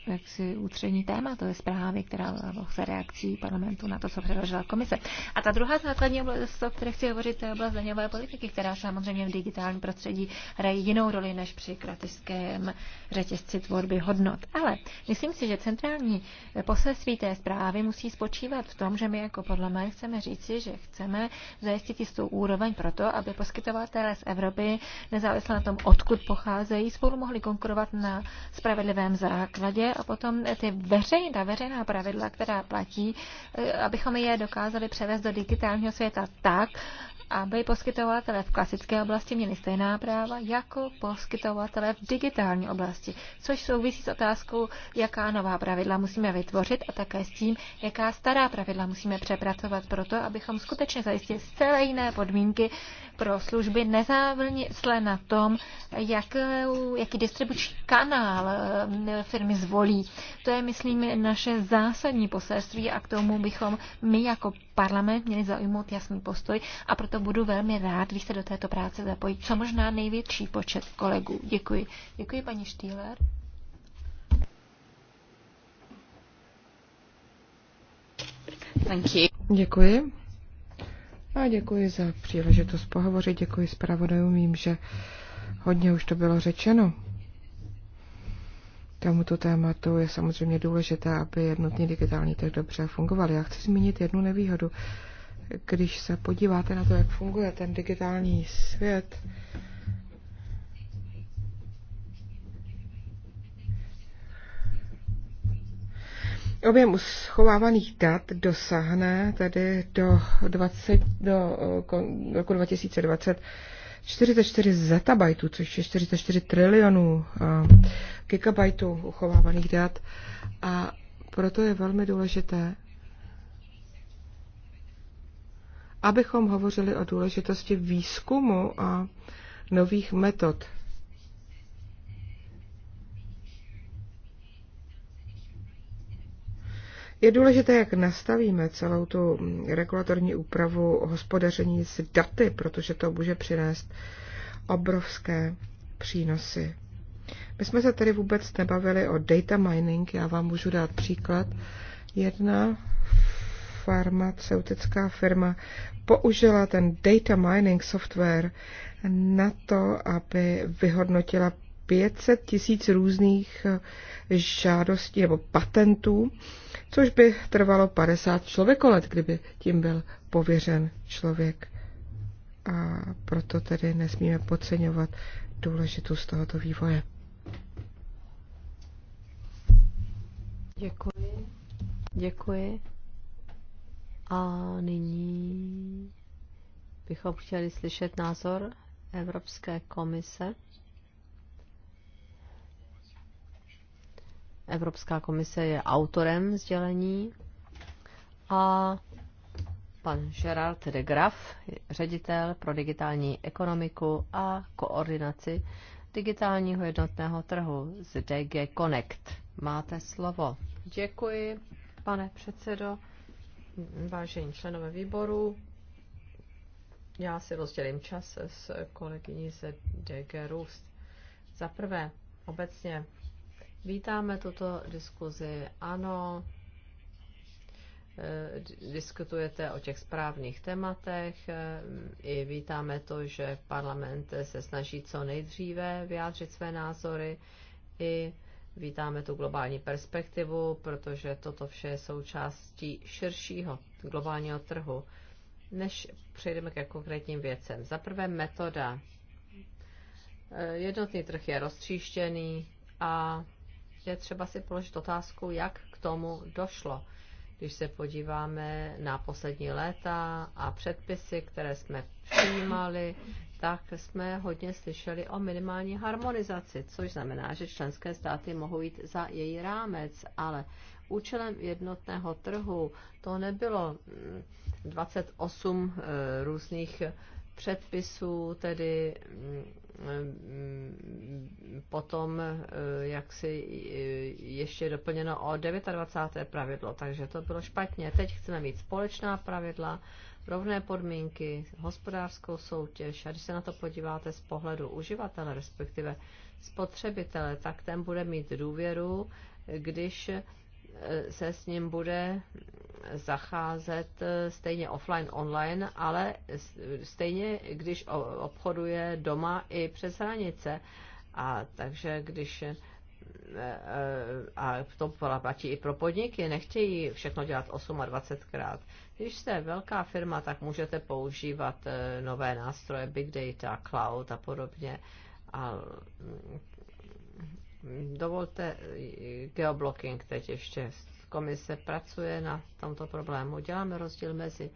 jaksi útřední téma, to je zprávy, která se reakcí parlamentu na to, co předložila komise. A ta druhá základní oblast, o které chci hovořit, je oblast daňové politiky, která samozřejmě v digitálním prostředí hraje jinou roli než při kratickém řetězci tvorby hodnot. Ale myslím si, že centrální poselství té zprávy musí spočívat v tom, že my jako parlament chceme říci, že chceme zajistit jistou úroveň pro to, aby poskytovatelé z Evropy, nezávisle na tom, odkud pocházejí, spolu mohli konkurovat na spravedlivém základě a potom ty veřejná, veřejná pravidla, která platí, eh, abychom je dokázali převést do digitálního světa tak, aby poskytovatele v klasické oblasti měli stejná práva jako poskytovatele v digitální oblasti, což souvisí s otázkou, jaká nová pravidla musíme vytvořit a také s tím, jaká stará pravidla musíme přepracovat proto, abychom skutečně zajistili zcela jiné podmínky pro služby nezávisle na tom, jak, jaký distribuční kanál eh, firmy zvolí. To je, myslím, naše zásadní poselství a k tomu bychom my jako parlament měli zaujmout jasný postoj a proto budu velmi rád, když se do této práce zapojí co možná největší počet kolegů. Děkuji. Děkuji, paní Štýler. Thank you. Děkuji. A děkuji za příležitost pohovořit, děkuji zpravodajům, vím, že hodně už to bylo řečeno. Tomuto tématu je samozřejmě důležité, aby jednotný digitální trh dobře fungoval. Já chci zmínit jednu nevýhodu. Když se podíváte na to, jak funguje ten digitální svět, Objem schovávaných dat dosáhne tedy do, 20, do eh, roku 2020 44 zetabajtů, což je 44 trilionů eh, gigabajtů uchovávaných dat. A proto je velmi důležité, abychom hovořili o důležitosti výzkumu a nových metod Je důležité, jak nastavíme celou tu mm, regulatorní úpravu hospodaření s daty, protože to může přinést obrovské přínosy. My jsme se tady vůbec nebavili o data mining, já vám můžu dát příklad. Jedna farmaceutická firma použila ten data mining software na to, aby vyhodnotila 500 tisíc různých eh, žádostí nebo patentů, což by trvalo 50 člověkolet, kdyby tím byl pověřen člověk. A proto tedy nesmíme podceňovat důležitost tohoto vývoje. Děkuji. Děkuji. A nyní bychom chtěli slyšet názor Evropské komise. Evropská komise je autorem sdělení a pan Gerard de Graf, ředitel pro digitální ekonomiku a koordinaci digitálního jednotného trhu z DG Connect. Máte slovo. Děkuji, pane předsedo, vážení členové výboru. Já si rozdělím čas s kolegyní z DG Růst. Za prvé, obecně Vítáme tuto diskuzi. Ano, eh, diskutujete o těch správných tématech. Eh, I vítáme to, že parlament se snaží co nejdříve vyjádřit své názory. I vítáme tu globální perspektivu, protože toto vše je součástí širšího globálního trhu. Než přejdeme ke konkrétním věcem. Za prvé metoda. Eh, jednotný trh je roztříštěný a je třeba si položit otázku, jak k tomu došlo. Když se podíváme na poslední léta a předpisy, které jsme přijímali, tak jsme hodně slyšeli o minimální harmonizaci, což znamená, že členské státy mohou jít za její rámec, ale účelem jednotného trhu to nebylo 28 mm, e, různých předpisů, tedy mm, potom eh, jaksi eh, ještě doplněno o 29. pravidlo, takže to bylo špatně. Teď chceme mít společná pravidla, rovné podmínky, hospodářskou soutěž a když se na to podíváte z pohledu uživatele, respektive spotřebitele, tak ten bude mít důvěru, když Eh, se s ním bude zacházet eh, stejně offline, online, ale stejně, když obchoduje doma i přes hranice. A takže když eh, a to platí i pro podniky, nechtějí všechno dělat 8 a 20 krát. Když jste velká firma, tak můžete používat nové nástroje, big data, cloud a podobně. A Dovolte geoblocking teď ještě. Komise pracuje na tomto problému. Děláme rozdíl mezi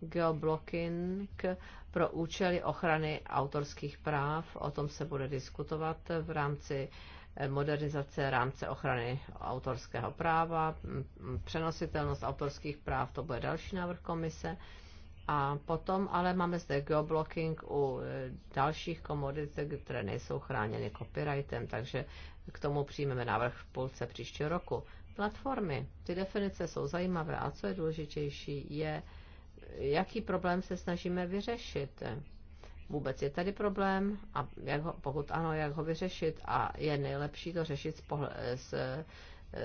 geoblocking pro účely ochrany autorských práv. O tom se bude diskutovat v rámci modernizace rámce ochrany autorského práva, přenositelnost autorských práv, to bude další návrh komise. A potom ale máme zde geoblocking u dalších komodit, které nejsou chráněny copyrightem, takže k tomu přijmeme návrh v půlce příštího roku. Platformy. Ty definice jsou zajímavé a co je důležitější je, jaký problém se snažíme vyřešit. Vůbec je tady problém a jak ho, pokud ano, jak ho vyřešit a je nejlepší to řešit z, z,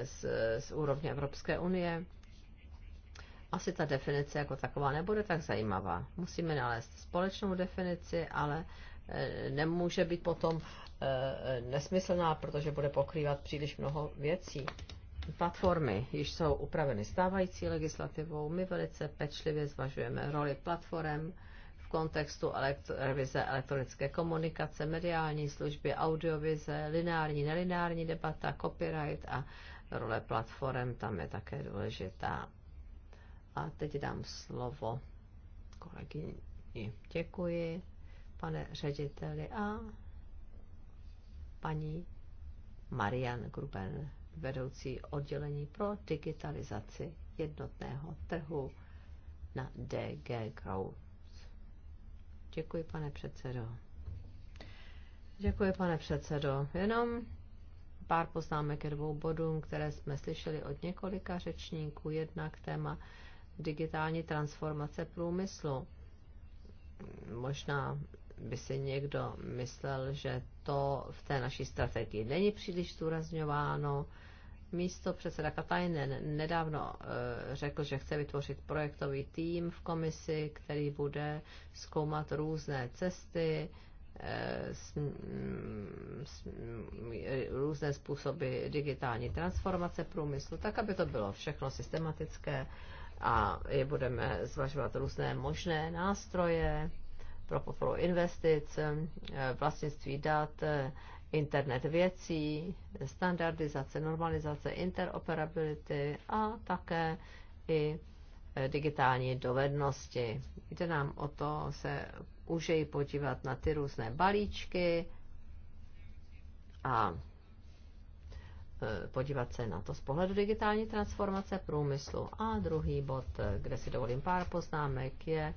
z, z úrovně Evropské unie. Asi ta definice jako taková nebude tak zajímavá. Musíme nalézt společnou definici, ale Eh, nemůže být potom eh, nesmyslná, protože bude pokrývat příliš mnoho věcí. Platformy již jsou upraveny stávající legislativou. My velice pečlivě zvažujeme roli platform v kontextu revize elektronické komunikace, mediální služby, audiovize, lineární, nelineární debata, copyright a role platform tam je také důležitá. A teď dám slovo kolegyni. Děkuji pane řediteli, a paní Marian Gruben, vedoucí oddělení pro digitalizaci jednotného trhu na DG Growth. Děkuji, pane předsedo. Děkuji, pane předsedo. Jenom pár poznámek ke dvou bodům, které jsme slyšeli od několika řečníků. Jednak téma digitální transformace průmyslu. Možná by si někdo myslel, že to v té naší strategii není příliš zdůrazňováno. Místo předseda Katajnen nedávno eh, řekl, že chce vytvořit projektový tým v komisi, který bude zkoumat různé cesty, eh, eh, různé způsoby digitální transformace průmyslu, tak aby to bylo všechno systematické a je budeme zvažovat různé možné nástroje, pro podporu investic, eh, vlastnictví dat, eh, internet věcí, standardizace, normalizace, interoperability a také i eh, digitální dovednosti. Jde nám o to se užeji podívat na ty různé balíčky a podívat se na to z pohledu digitální transformace průmyslu. A druhý bod, kde si dovolím pár poznámek, je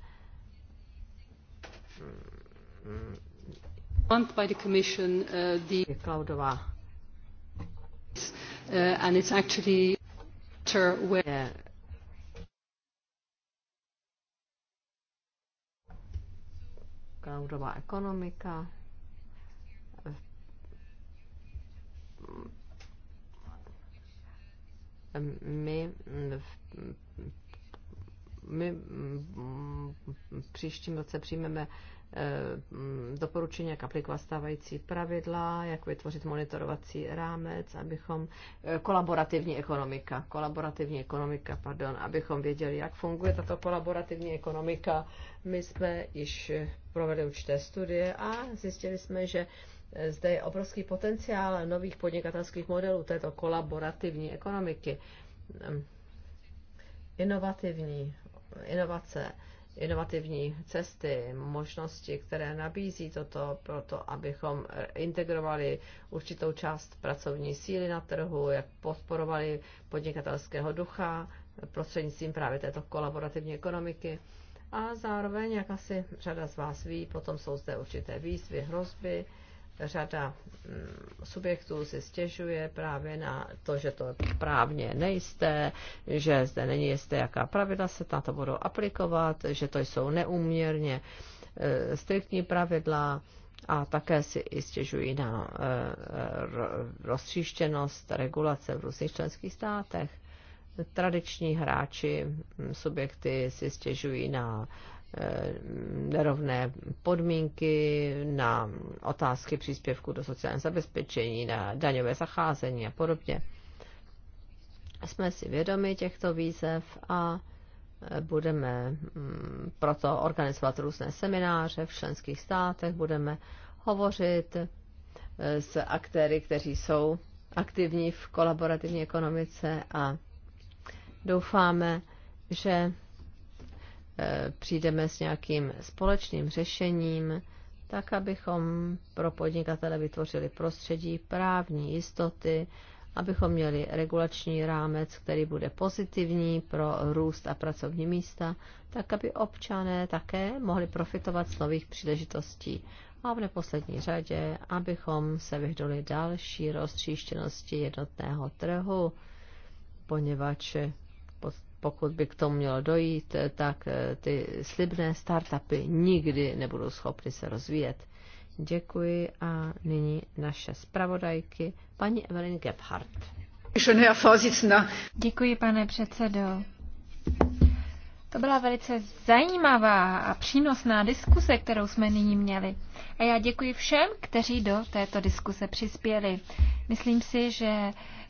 by cloudová ekonomika my my v příštím roce přijmeme Eh, doporučení, jak aplikovat stávající pravidla, jak vytvořit monitorovací rámec, abychom eh, kolaborativní ekonomika, kolaborativní ekonomika, pardon, abychom věděli, jak funguje tato kolaborativní ekonomika. My jsme již eh, provedli určité studie a zjistili jsme, že zde je obrovský potenciál nových podnikatelských modelů této kolaborativní ekonomiky. Ehm, inovativní inovace, inovativní cesty, možnosti, které nabízí toto, proto abychom integrovali určitou část pracovní síly na trhu, jak podporovali podnikatelského ducha prostřednictvím právě této kolaborativní ekonomiky. A zároveň, jak asi řada z vás ví, potom jsou zde určité výzvy, hrozby, řada mm, subjektů si stěžuje právě na to, že to je právně nejisté, že zde není jisté, jaká pravidla se na to budou aplikovat, že to jsou neuměrně e, striktní pravidla a také si i stěžují na e, rozstříštěnost regulace v různých členských státech. Tradiční hráči, subjekty si stěžují na nerovné eh, podmínky, na otázky příspěvku do sociálního zabezpečení, na daňové zacházení a podobně. Jsme si vědomi těchto výzev a eh, budeme mm, proto organizovat různé semináře v členských státech, budeme hovořit eh, s aktéry, kteří jsou aktivní v kolaborativní ekonomice a doufáme, že Eh, přijdeme s nějakým společným řešením, tak abychom pro podnikatele vytvořili prostředí právní jistoty, abychom měli regulační rámec, který bude pozitivní pro růst a pracovní místa, tak aby občané také mohli profitovat z nových příležitostí. A v neposlední řadě, abychom se vyhnuli další roztříštěnosti jednotného trhu, poněvadž pokud by k tomu mělo dojít, tak eh, ty slibné startupy nikdy nebudou schopny se rozvíjet. Děkuji a nyní naše zpravodajky, paní Evelyn Gebhardt. Děkuji, pane předsedo. To byla velice zajímavá a přínosná diskuse, kterou jsme nyní měli. A já děkuji všem, kteří do této diskuse přispěli. Myslím si, že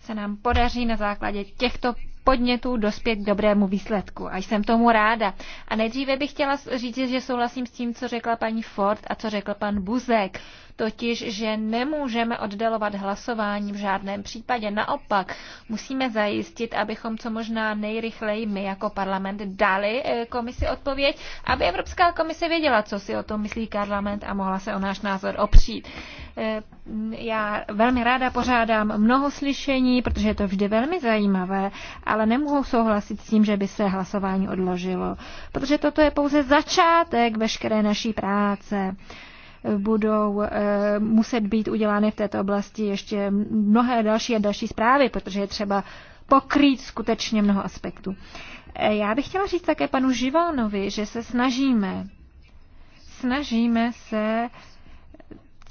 se nám podaří na základě těchto podnětů dospět k dobrému výsledku. A jsem tomu ráda. A nejdříve bych chtěla říct, že souhlasím s tím, co řekla paní Ford a co řekl pan Buzek. Totiž, že nemůžeme oddalovat hlasování v žádném případě. Naopak, musíme zajistit, abychom co možná nejrychleji my jako parlament dali eh, komisi odpověď, aby Evropská komise věděla, co si o tom myslí parlament a mohla se o náš názor opřít. Eh, já velmi ráda pořádám mnoho slyšení, protože je to vždy velmi zajímavé, ale nemohu souhlasit s tím, že by se hlasování odložilo, protože toto je pouze začátek veškeré naší práce budou eh, muset být udělány v této oblasti ještě mnohé další a další zprávy, protože je třeba pokrýt skutečně mnoho aspektů. Eh, já bych chtěla říct také panu Živonovi, že se snažíme. Snažíme se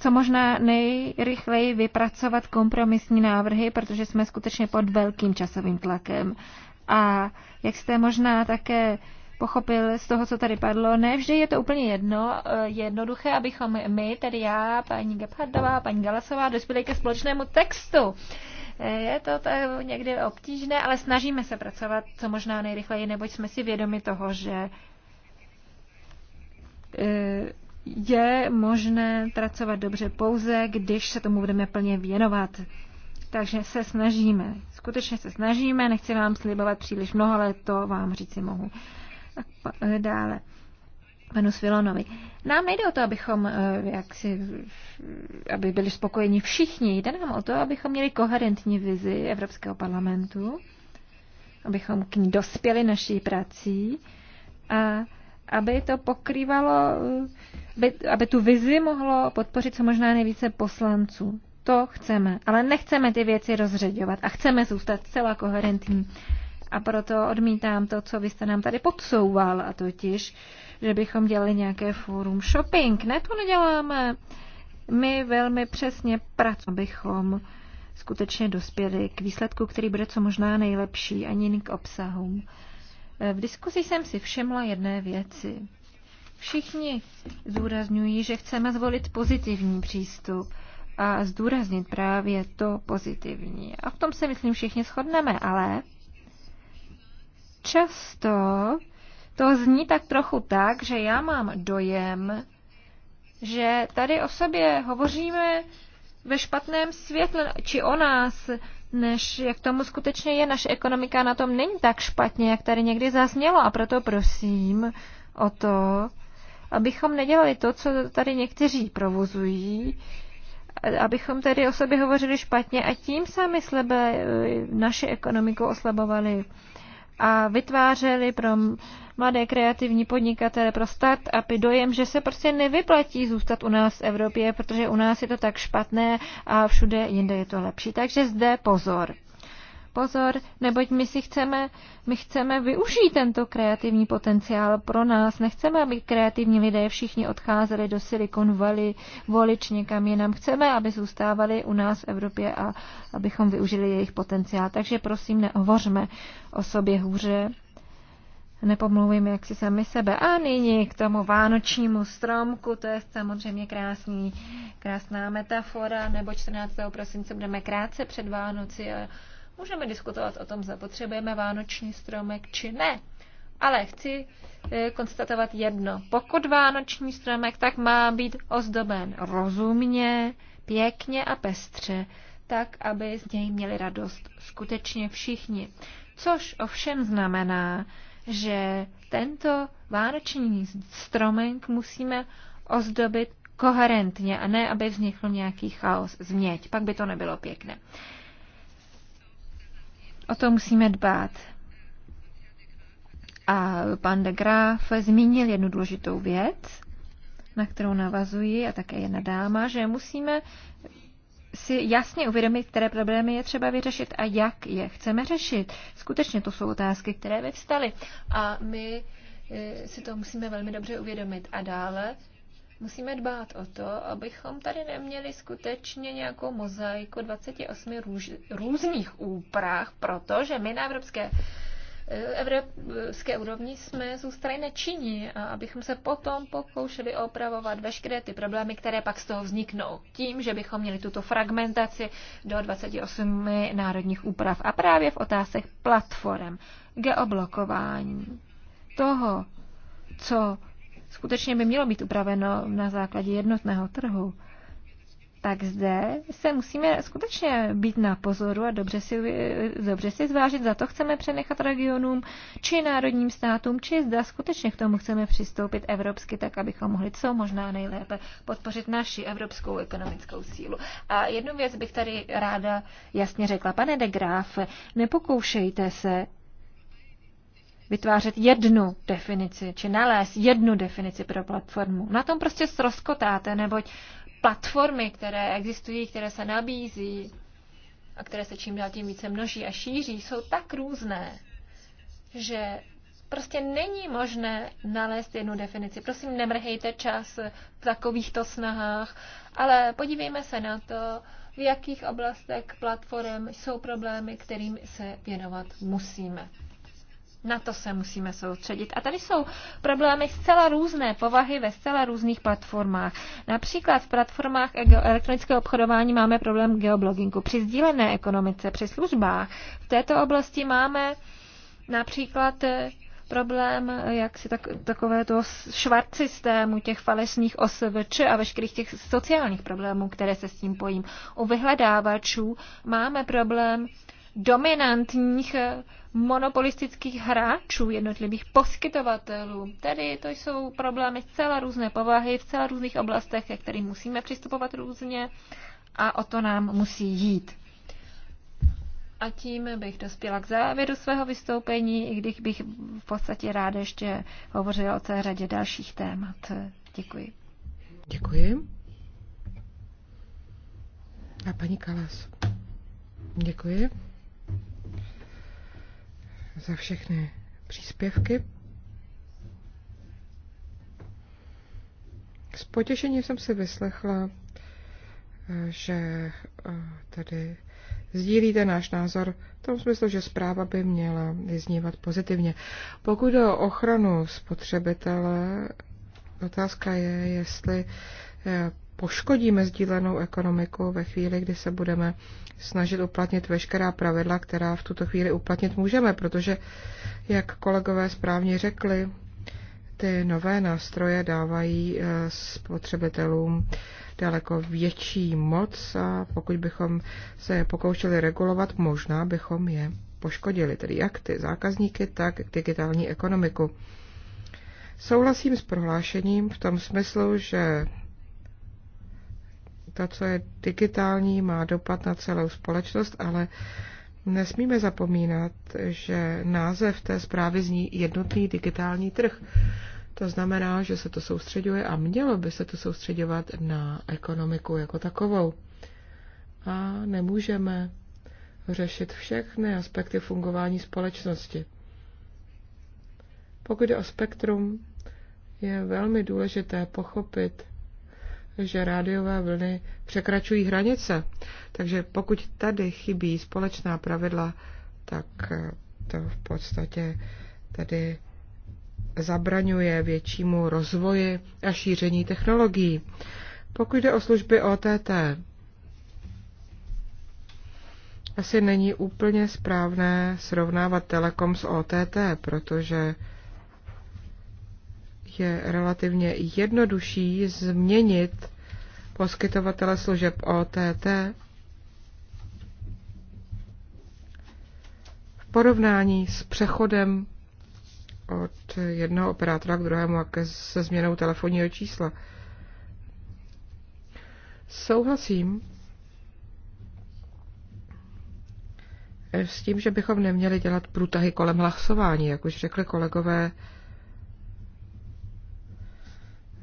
co možná nejrychleji vypracovat kompromisní návrhy, protože jsme skutečně pod velkým časovým tlakem. A jak jste možná také pochopil z toho, co tady padlo, ne vždy je to úplně jedno, eh, jednoduché, abychom my, tedy já, paní Gebhardová, paní Galasová, dospěli ke společnému textu. Eh, je to někdy obtížné, ale snažíme se pracovat co možná nejrychleji, neboť jsme si vědomi toho, že eh, je možné pracovat dobře pouze, když se tomu budeme plně věnovat. Takže se snažíme, skutečně se snažíme, nechci vám slibovat příliš mnoho, ale to vám říci mohu. Tak e, dále panu Svilonovi. Nám nejde o to, abychom e, jak si, aby byli spokojeni všichni. Jde nám o to, abychom měli koherentní vizi Evropského parlamentu, abychom k ní dospěli naší prací a aby to pokrývalo, aby, aby tu vizi mohlo podpořit co možná nejvíce poslanců. To chceme, ale nechceme ty věci rozředovat a chceme zůstat celá koherentní. A proto odmítám to, co vy jste nám tady podsouval, a totiž, že bychom dělali nějaké forum shopping. Ne, to neděláme. My velmi přesně pracujeme, abychom skutečně dospěli k výsledku, který bude co možná nejlepší, ani k obsahům. V diskusi jsem si všimla jedné věci. Všichni zdůrazňují, že chceme zvolit pozitivní přístup a zdůraznit právě to pozitivní. A v tom se, myslím, všichni shodneme, ale často to zní tak trochu tak, že já mám dojem, že tady o sobě hovoříme ve špatném světle, či o nás než jak tomu skutečně je. Naše ekonomika na tom není tak špatně, jak tady někdy zaznělo a proto prosím o to, abychom nedělali to, co tady někteří provozují, abychom tedy o sobě hovořili špatně a tím sami slebe eh, naši ekonomiku oslabovali a vytvářeli pro mladé kreativní podnikatele, pro start-upy dojem, že se prostě nevyplatí zůstat u nás v Evropě, protože u nás je to tak špatné a všude jinde je to lepší. Takže zde pozor pozor, neboť my si chceme, my chceme využít tento kreativní potenciál pro nás. Nechceme, aby kreativní lidé všichni odcházeli do Silicon Valley, volič někam jinam. Chceme, aby zůstávali u nás v Evropě a abychom využili jejich potenciál. Takže prosím, nehovořme o sobě hůře. Nepomluvím, jak si sami sebe. A nyní k tomu vánočnímu stromku, to je samozřejmě krásný, krásná metafora, nebo 14. prosince budeme krátce před Vánoci Ale Můžeme diskutovat o tom, zda potřebujeme vánoční stromek či ne. Ale chci eh, konstatovat jedno. Pokud vánoční stromek, tak má být ozdoben rozumně, pěkně a pestře, tak, aby z něj měli radost skutečně všichni. Což ovšem znamená, že tento vánoční stromek musíme ozdobit koherentně a ne, aby vznikl nějaký chaos, změť. Pak by to nebylo pěkné. O to musíme dbát. A pan de Graaf zmínil jednu důležitou věc, na kterou navazuji a také jedna dáma, že musíme si jasně uvědomit, které problémy je třeba vyřešit a jak je chceme řešit. Skutečně to jsou otázky, které vyvstaly a my eh, si to musíme velmi dobře uvědomit. A dále musíme dbát o to, abychom tady neměli skutečně nějakou mozaiku 28 růž, různých úprav, protože my na evropské eh, evropské úrovni jsme zůstali nečinní a abychom se potom pokoušeli opravovat veškeré ty problémy, které pak z toho vzniknou. Tím, že bychom měli tuto fragmentaci do 28 národních úprav a právě v otázech platform, geoblokování, toho, co skutečně by mělo být upraveno na základě jednotného trhu, tak zde se musíme skutečně být na pozoru a dobře si, dobře si zvážit, za to chceme přenechat regionům či národním státům, či zda skutečně k tomu chceme přistoupit evropsky, tak abychom mohli co možná nejlépe podpořit naši evropskou ekonomickou sílu. A jednu věc bych tady ráda jasně řekla. Pane de Graf, nepokoušejte se vytvářet jednu definici, či nalézt jednu definici pro platformu. Na tom prostě srozkotáte, neboť platformy, které existují, které se nabízí a které se čím dál tím více množí a šíří, jsou tak různé, že prostě není možné nalézt jednu definici. Prosím, nemrhejte čas v takovýchto snahách, ale podívejme se na to, v jakých oblastech platform jsou problémy, kterým se věnovat musíme. Na to se musíme soustředit. A tady jsou problémy zcela různé povahy ve zcela různých platformách. Například v platformách elektronického obchodování máme problém geoblogingu. Při sdílené ekonomice, při službách v této oblasti máme například eh, problém, eh, jak si tak, takové to švart systému těch falešných OSVČ a veškerých těch sociálních problémů, které se s tím pojím. U vyhledávačů máme problém dominantních eh, monopolistických hráčů, jednotlivých poskytovatelů. Tedy to jsou problémy zcela různé povahy, v celá různých oblastech, ke kterým musíme přistupovat různě a o to nám musí jít. A tím bych dospěla k závěru svého vystoupení, i když bych v podstatě ráda ještě hovořila o té řadě dalších témat. Děkuji. Děkuji. A paní Kalas. Děkuji za všechny příspěvky. S potěšením jsem si vyslechla, že eh, tady sdílíte náš názor v tom smyslu, že zpráva by měla vyznívat pozitivně. Pokud o ochranu spotřebitele, otázka je, jestli eh, poškodíme sdílenou ekonomiku ve chvíli, kdy se budeme snažit uplatnit veškerá pravidla, která v tuto chvíli uplatnit můžeme, protože, jak kolegové správně řekli, ty nové nástroje dávají eh, spotřebitelům daleko větší moc a pokud bychom se je pokoušeli regulovat, možná bychom je poškodili, tedy jak ty zákazníky, tak digitální ekonomiku. Souhlasím s prohlášením v tom smyslu, že ta, co je digitální, má dopad na celou společnost, ale nesmíme zapomínat, že název té zprávy zní jednotný digitální trh. To znamená, že se to soustředuje a mělo by se to soustředovat na ekonomiku jako takovou. A nemůžeme řešit všechny aspekty fungování společnosti. Pokud jde o spektrum, je velmi důležité pochopit, že rádiové vlny překračují hranice. Takže pokud tady chybí společná pravidla, tak eh, to v podstatě tady zabraňuje většímu rozvoji a šíření technologií. Pokud jde o služby OTT, asi není úplně správné srovnávat Telekom s OTT, protože je relativně jednodušší změnit poskytovatele služeb OTT v porovnání s přechodem od jednoho operátora k druhému a se změnou telefonního čísla. Souhlasím s tím, že bychom neměli dělat průtahy kolem hlasování, jak už řekli kolegové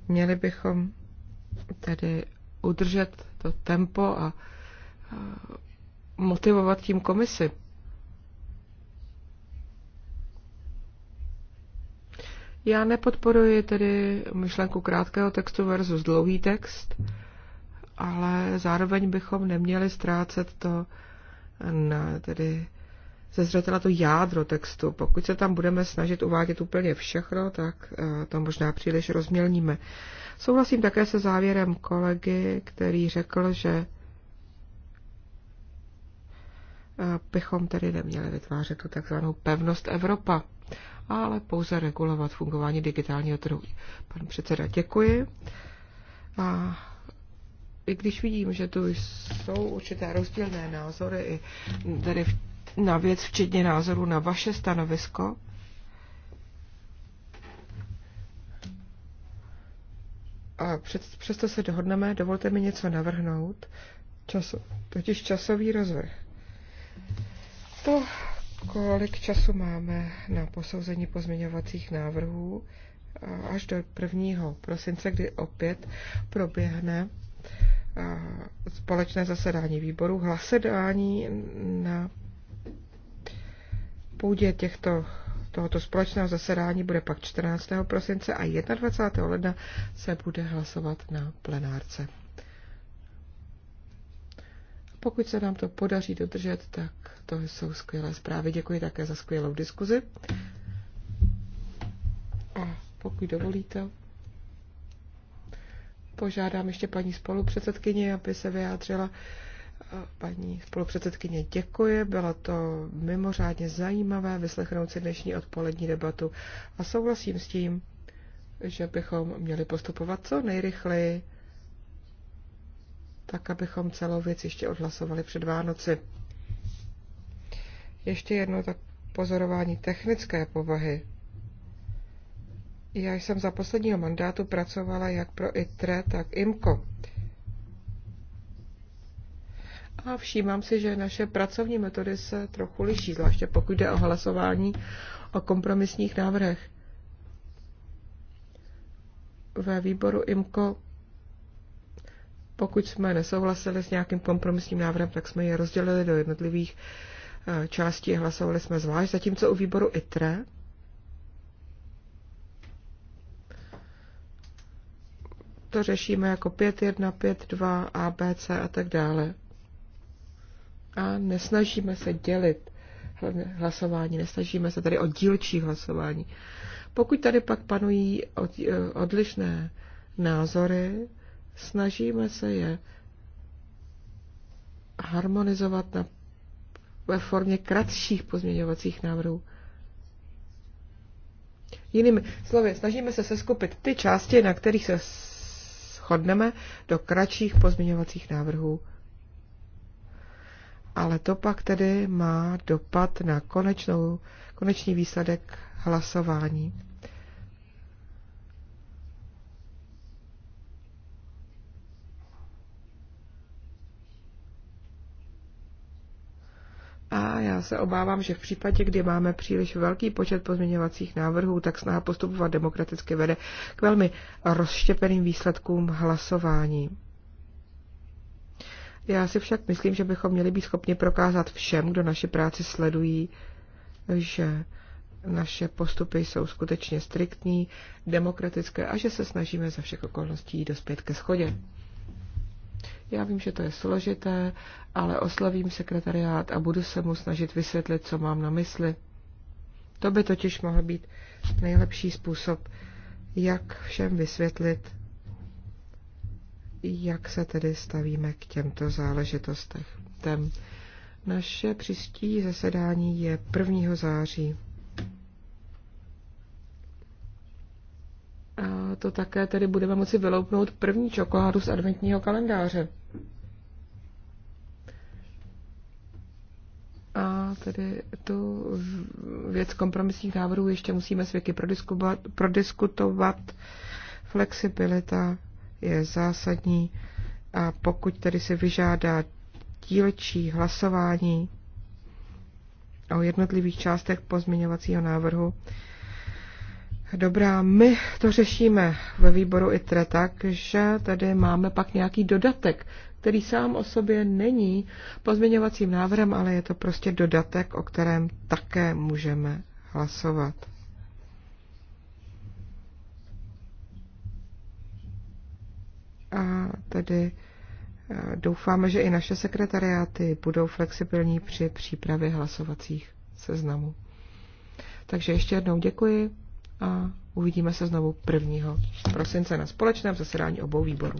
Měli bychom tedy udržet to tempo a motivovat tím komisi. Já nepodporuji tedy myšlenku krátkého textu versus dlouhý text, ale zároveň bychom neměli ztrácet to na tedy ze zřetela to jádro textu. Pokud se tam budeme snažit uvádět úplně všechno, tak eh, to možná příliš rozmělníme. Souhlasím také se závěrem kolegy, který řekl, že eh, bychom tedy neměli vytvářet tu takzvanou pevnost Evropa, ale pouze regulovat fungování digitálního trhu. Pan předseda, děkuji. A i když vidím, že tu jsou určité rozdílné názory i tady v na věc, včetně názoru na vaše stanovisko. A před, přesto se dohodneme, dovolte mi něco navrhnout, času, totiž časový rozvrh. To, kolik času máme na posouzení pozměňovacích návrhů, až do 1. prosince, kdy opět proběhne společné zasedání výboru, hlasování na půdě těchto, tohoto společného zasedání bude pak 14. prosince a 21. ledna se bude hlasovat na plenárce. Pokud se nám to podaří dodržet, tak to jsou skvělé zprávy. Děkuji také za skvělou diskuzi. A pokud dovolíte, požádám ještě paní spolupředsedkyni, aby se vyjádřila paní spolupředsedkyně, děkuji. Bylo to mimořádně zajímavé vyslechnout si dnešní odpolední debatu a souhlasím s tím, že bychom měli postupovat co nejrychleji, tak abychom celou věc ještě odhlasovali před Vánoci. Ještě jedno tak pozorování technické povahy. Já jsem za posledního mandátu pracovala jak pro ITRE, tak IMCO. A všímám si, že naše pracovní metody se trochu liší, zvláště pokud jde o hlasování o kompromisních návrhech. Ve výboru Imko. pokud jsme nesouhlasili s nějakým kompromisním návrhem, tak jsme je rozdělili do jednotlivých eh, částí a hlasovali jsme zvlášť, zatímco u výboru ITRE to řešíme jako 5.1, 5.2, ABC a tak dále a nesnažíme se dělit hlasování, nesnažíme se tady o dílčí hlasování. Pokud tady pak panují eh, odlišné názory, snažíme se je harmonizovat na, ve formě kratších pozměňovacích návrhů. Jinými slovy, snažíme se seskupit ty části, na kterých se shodneme, do kratších pozměňovacích návrhů ale to pak tedy má dopad na konečnou, konečný výsledek hlasování. A já se obávám, že v případě, kdy máme příliš velký počet pozměňovacích návrhů, tak snaha postupovat demokraticky vede k velmi rozštěpeným výsledkům hlasování. Já si však myslím, že bychom měli být schopni prokázat všem, kdo naši práci sledují, že naše postupy jsou skutečně striktní, demokratické a že se snažíme za všech okolností dospět ke schodě. Já vím, že to je složité, ale oslavím sekretariát a budu se mu snažit vysvětlit, co mám na mysli. To by totiž mohl být nejlepší způsob, jak všem vysvětlit, jak se tedy stavíme k těmto záležitostech. Tem. Naše příští zasedání je 1. září. A to také tedy budeme moci vyloupnout první čokoládu z adventního kalendáře. A tedy tu věc kompromisních návrhů ještě musíme s Vicky prodiskutovat flexibilita je zásadní a pokud tedy se vyžádá dílčí hlasování o jednotlivých částech pozměňovacího návrhu, Dobrá, my to řešíme ve výboru ITRE tak, že tady máme pak nějaký dodatek, který sám o sobě není pozměňovacím návrhem, ale je to prostě dodatek, o kterém také můžeme hlasovat. a tedy eh, doufáme, že i naše sekretariáty budou flexibilní při přípravě hlasovacích seznamů. Takže ještě jednou děkuji a uvidíme se znovu 1. prosince na společném zasedání obou výborů.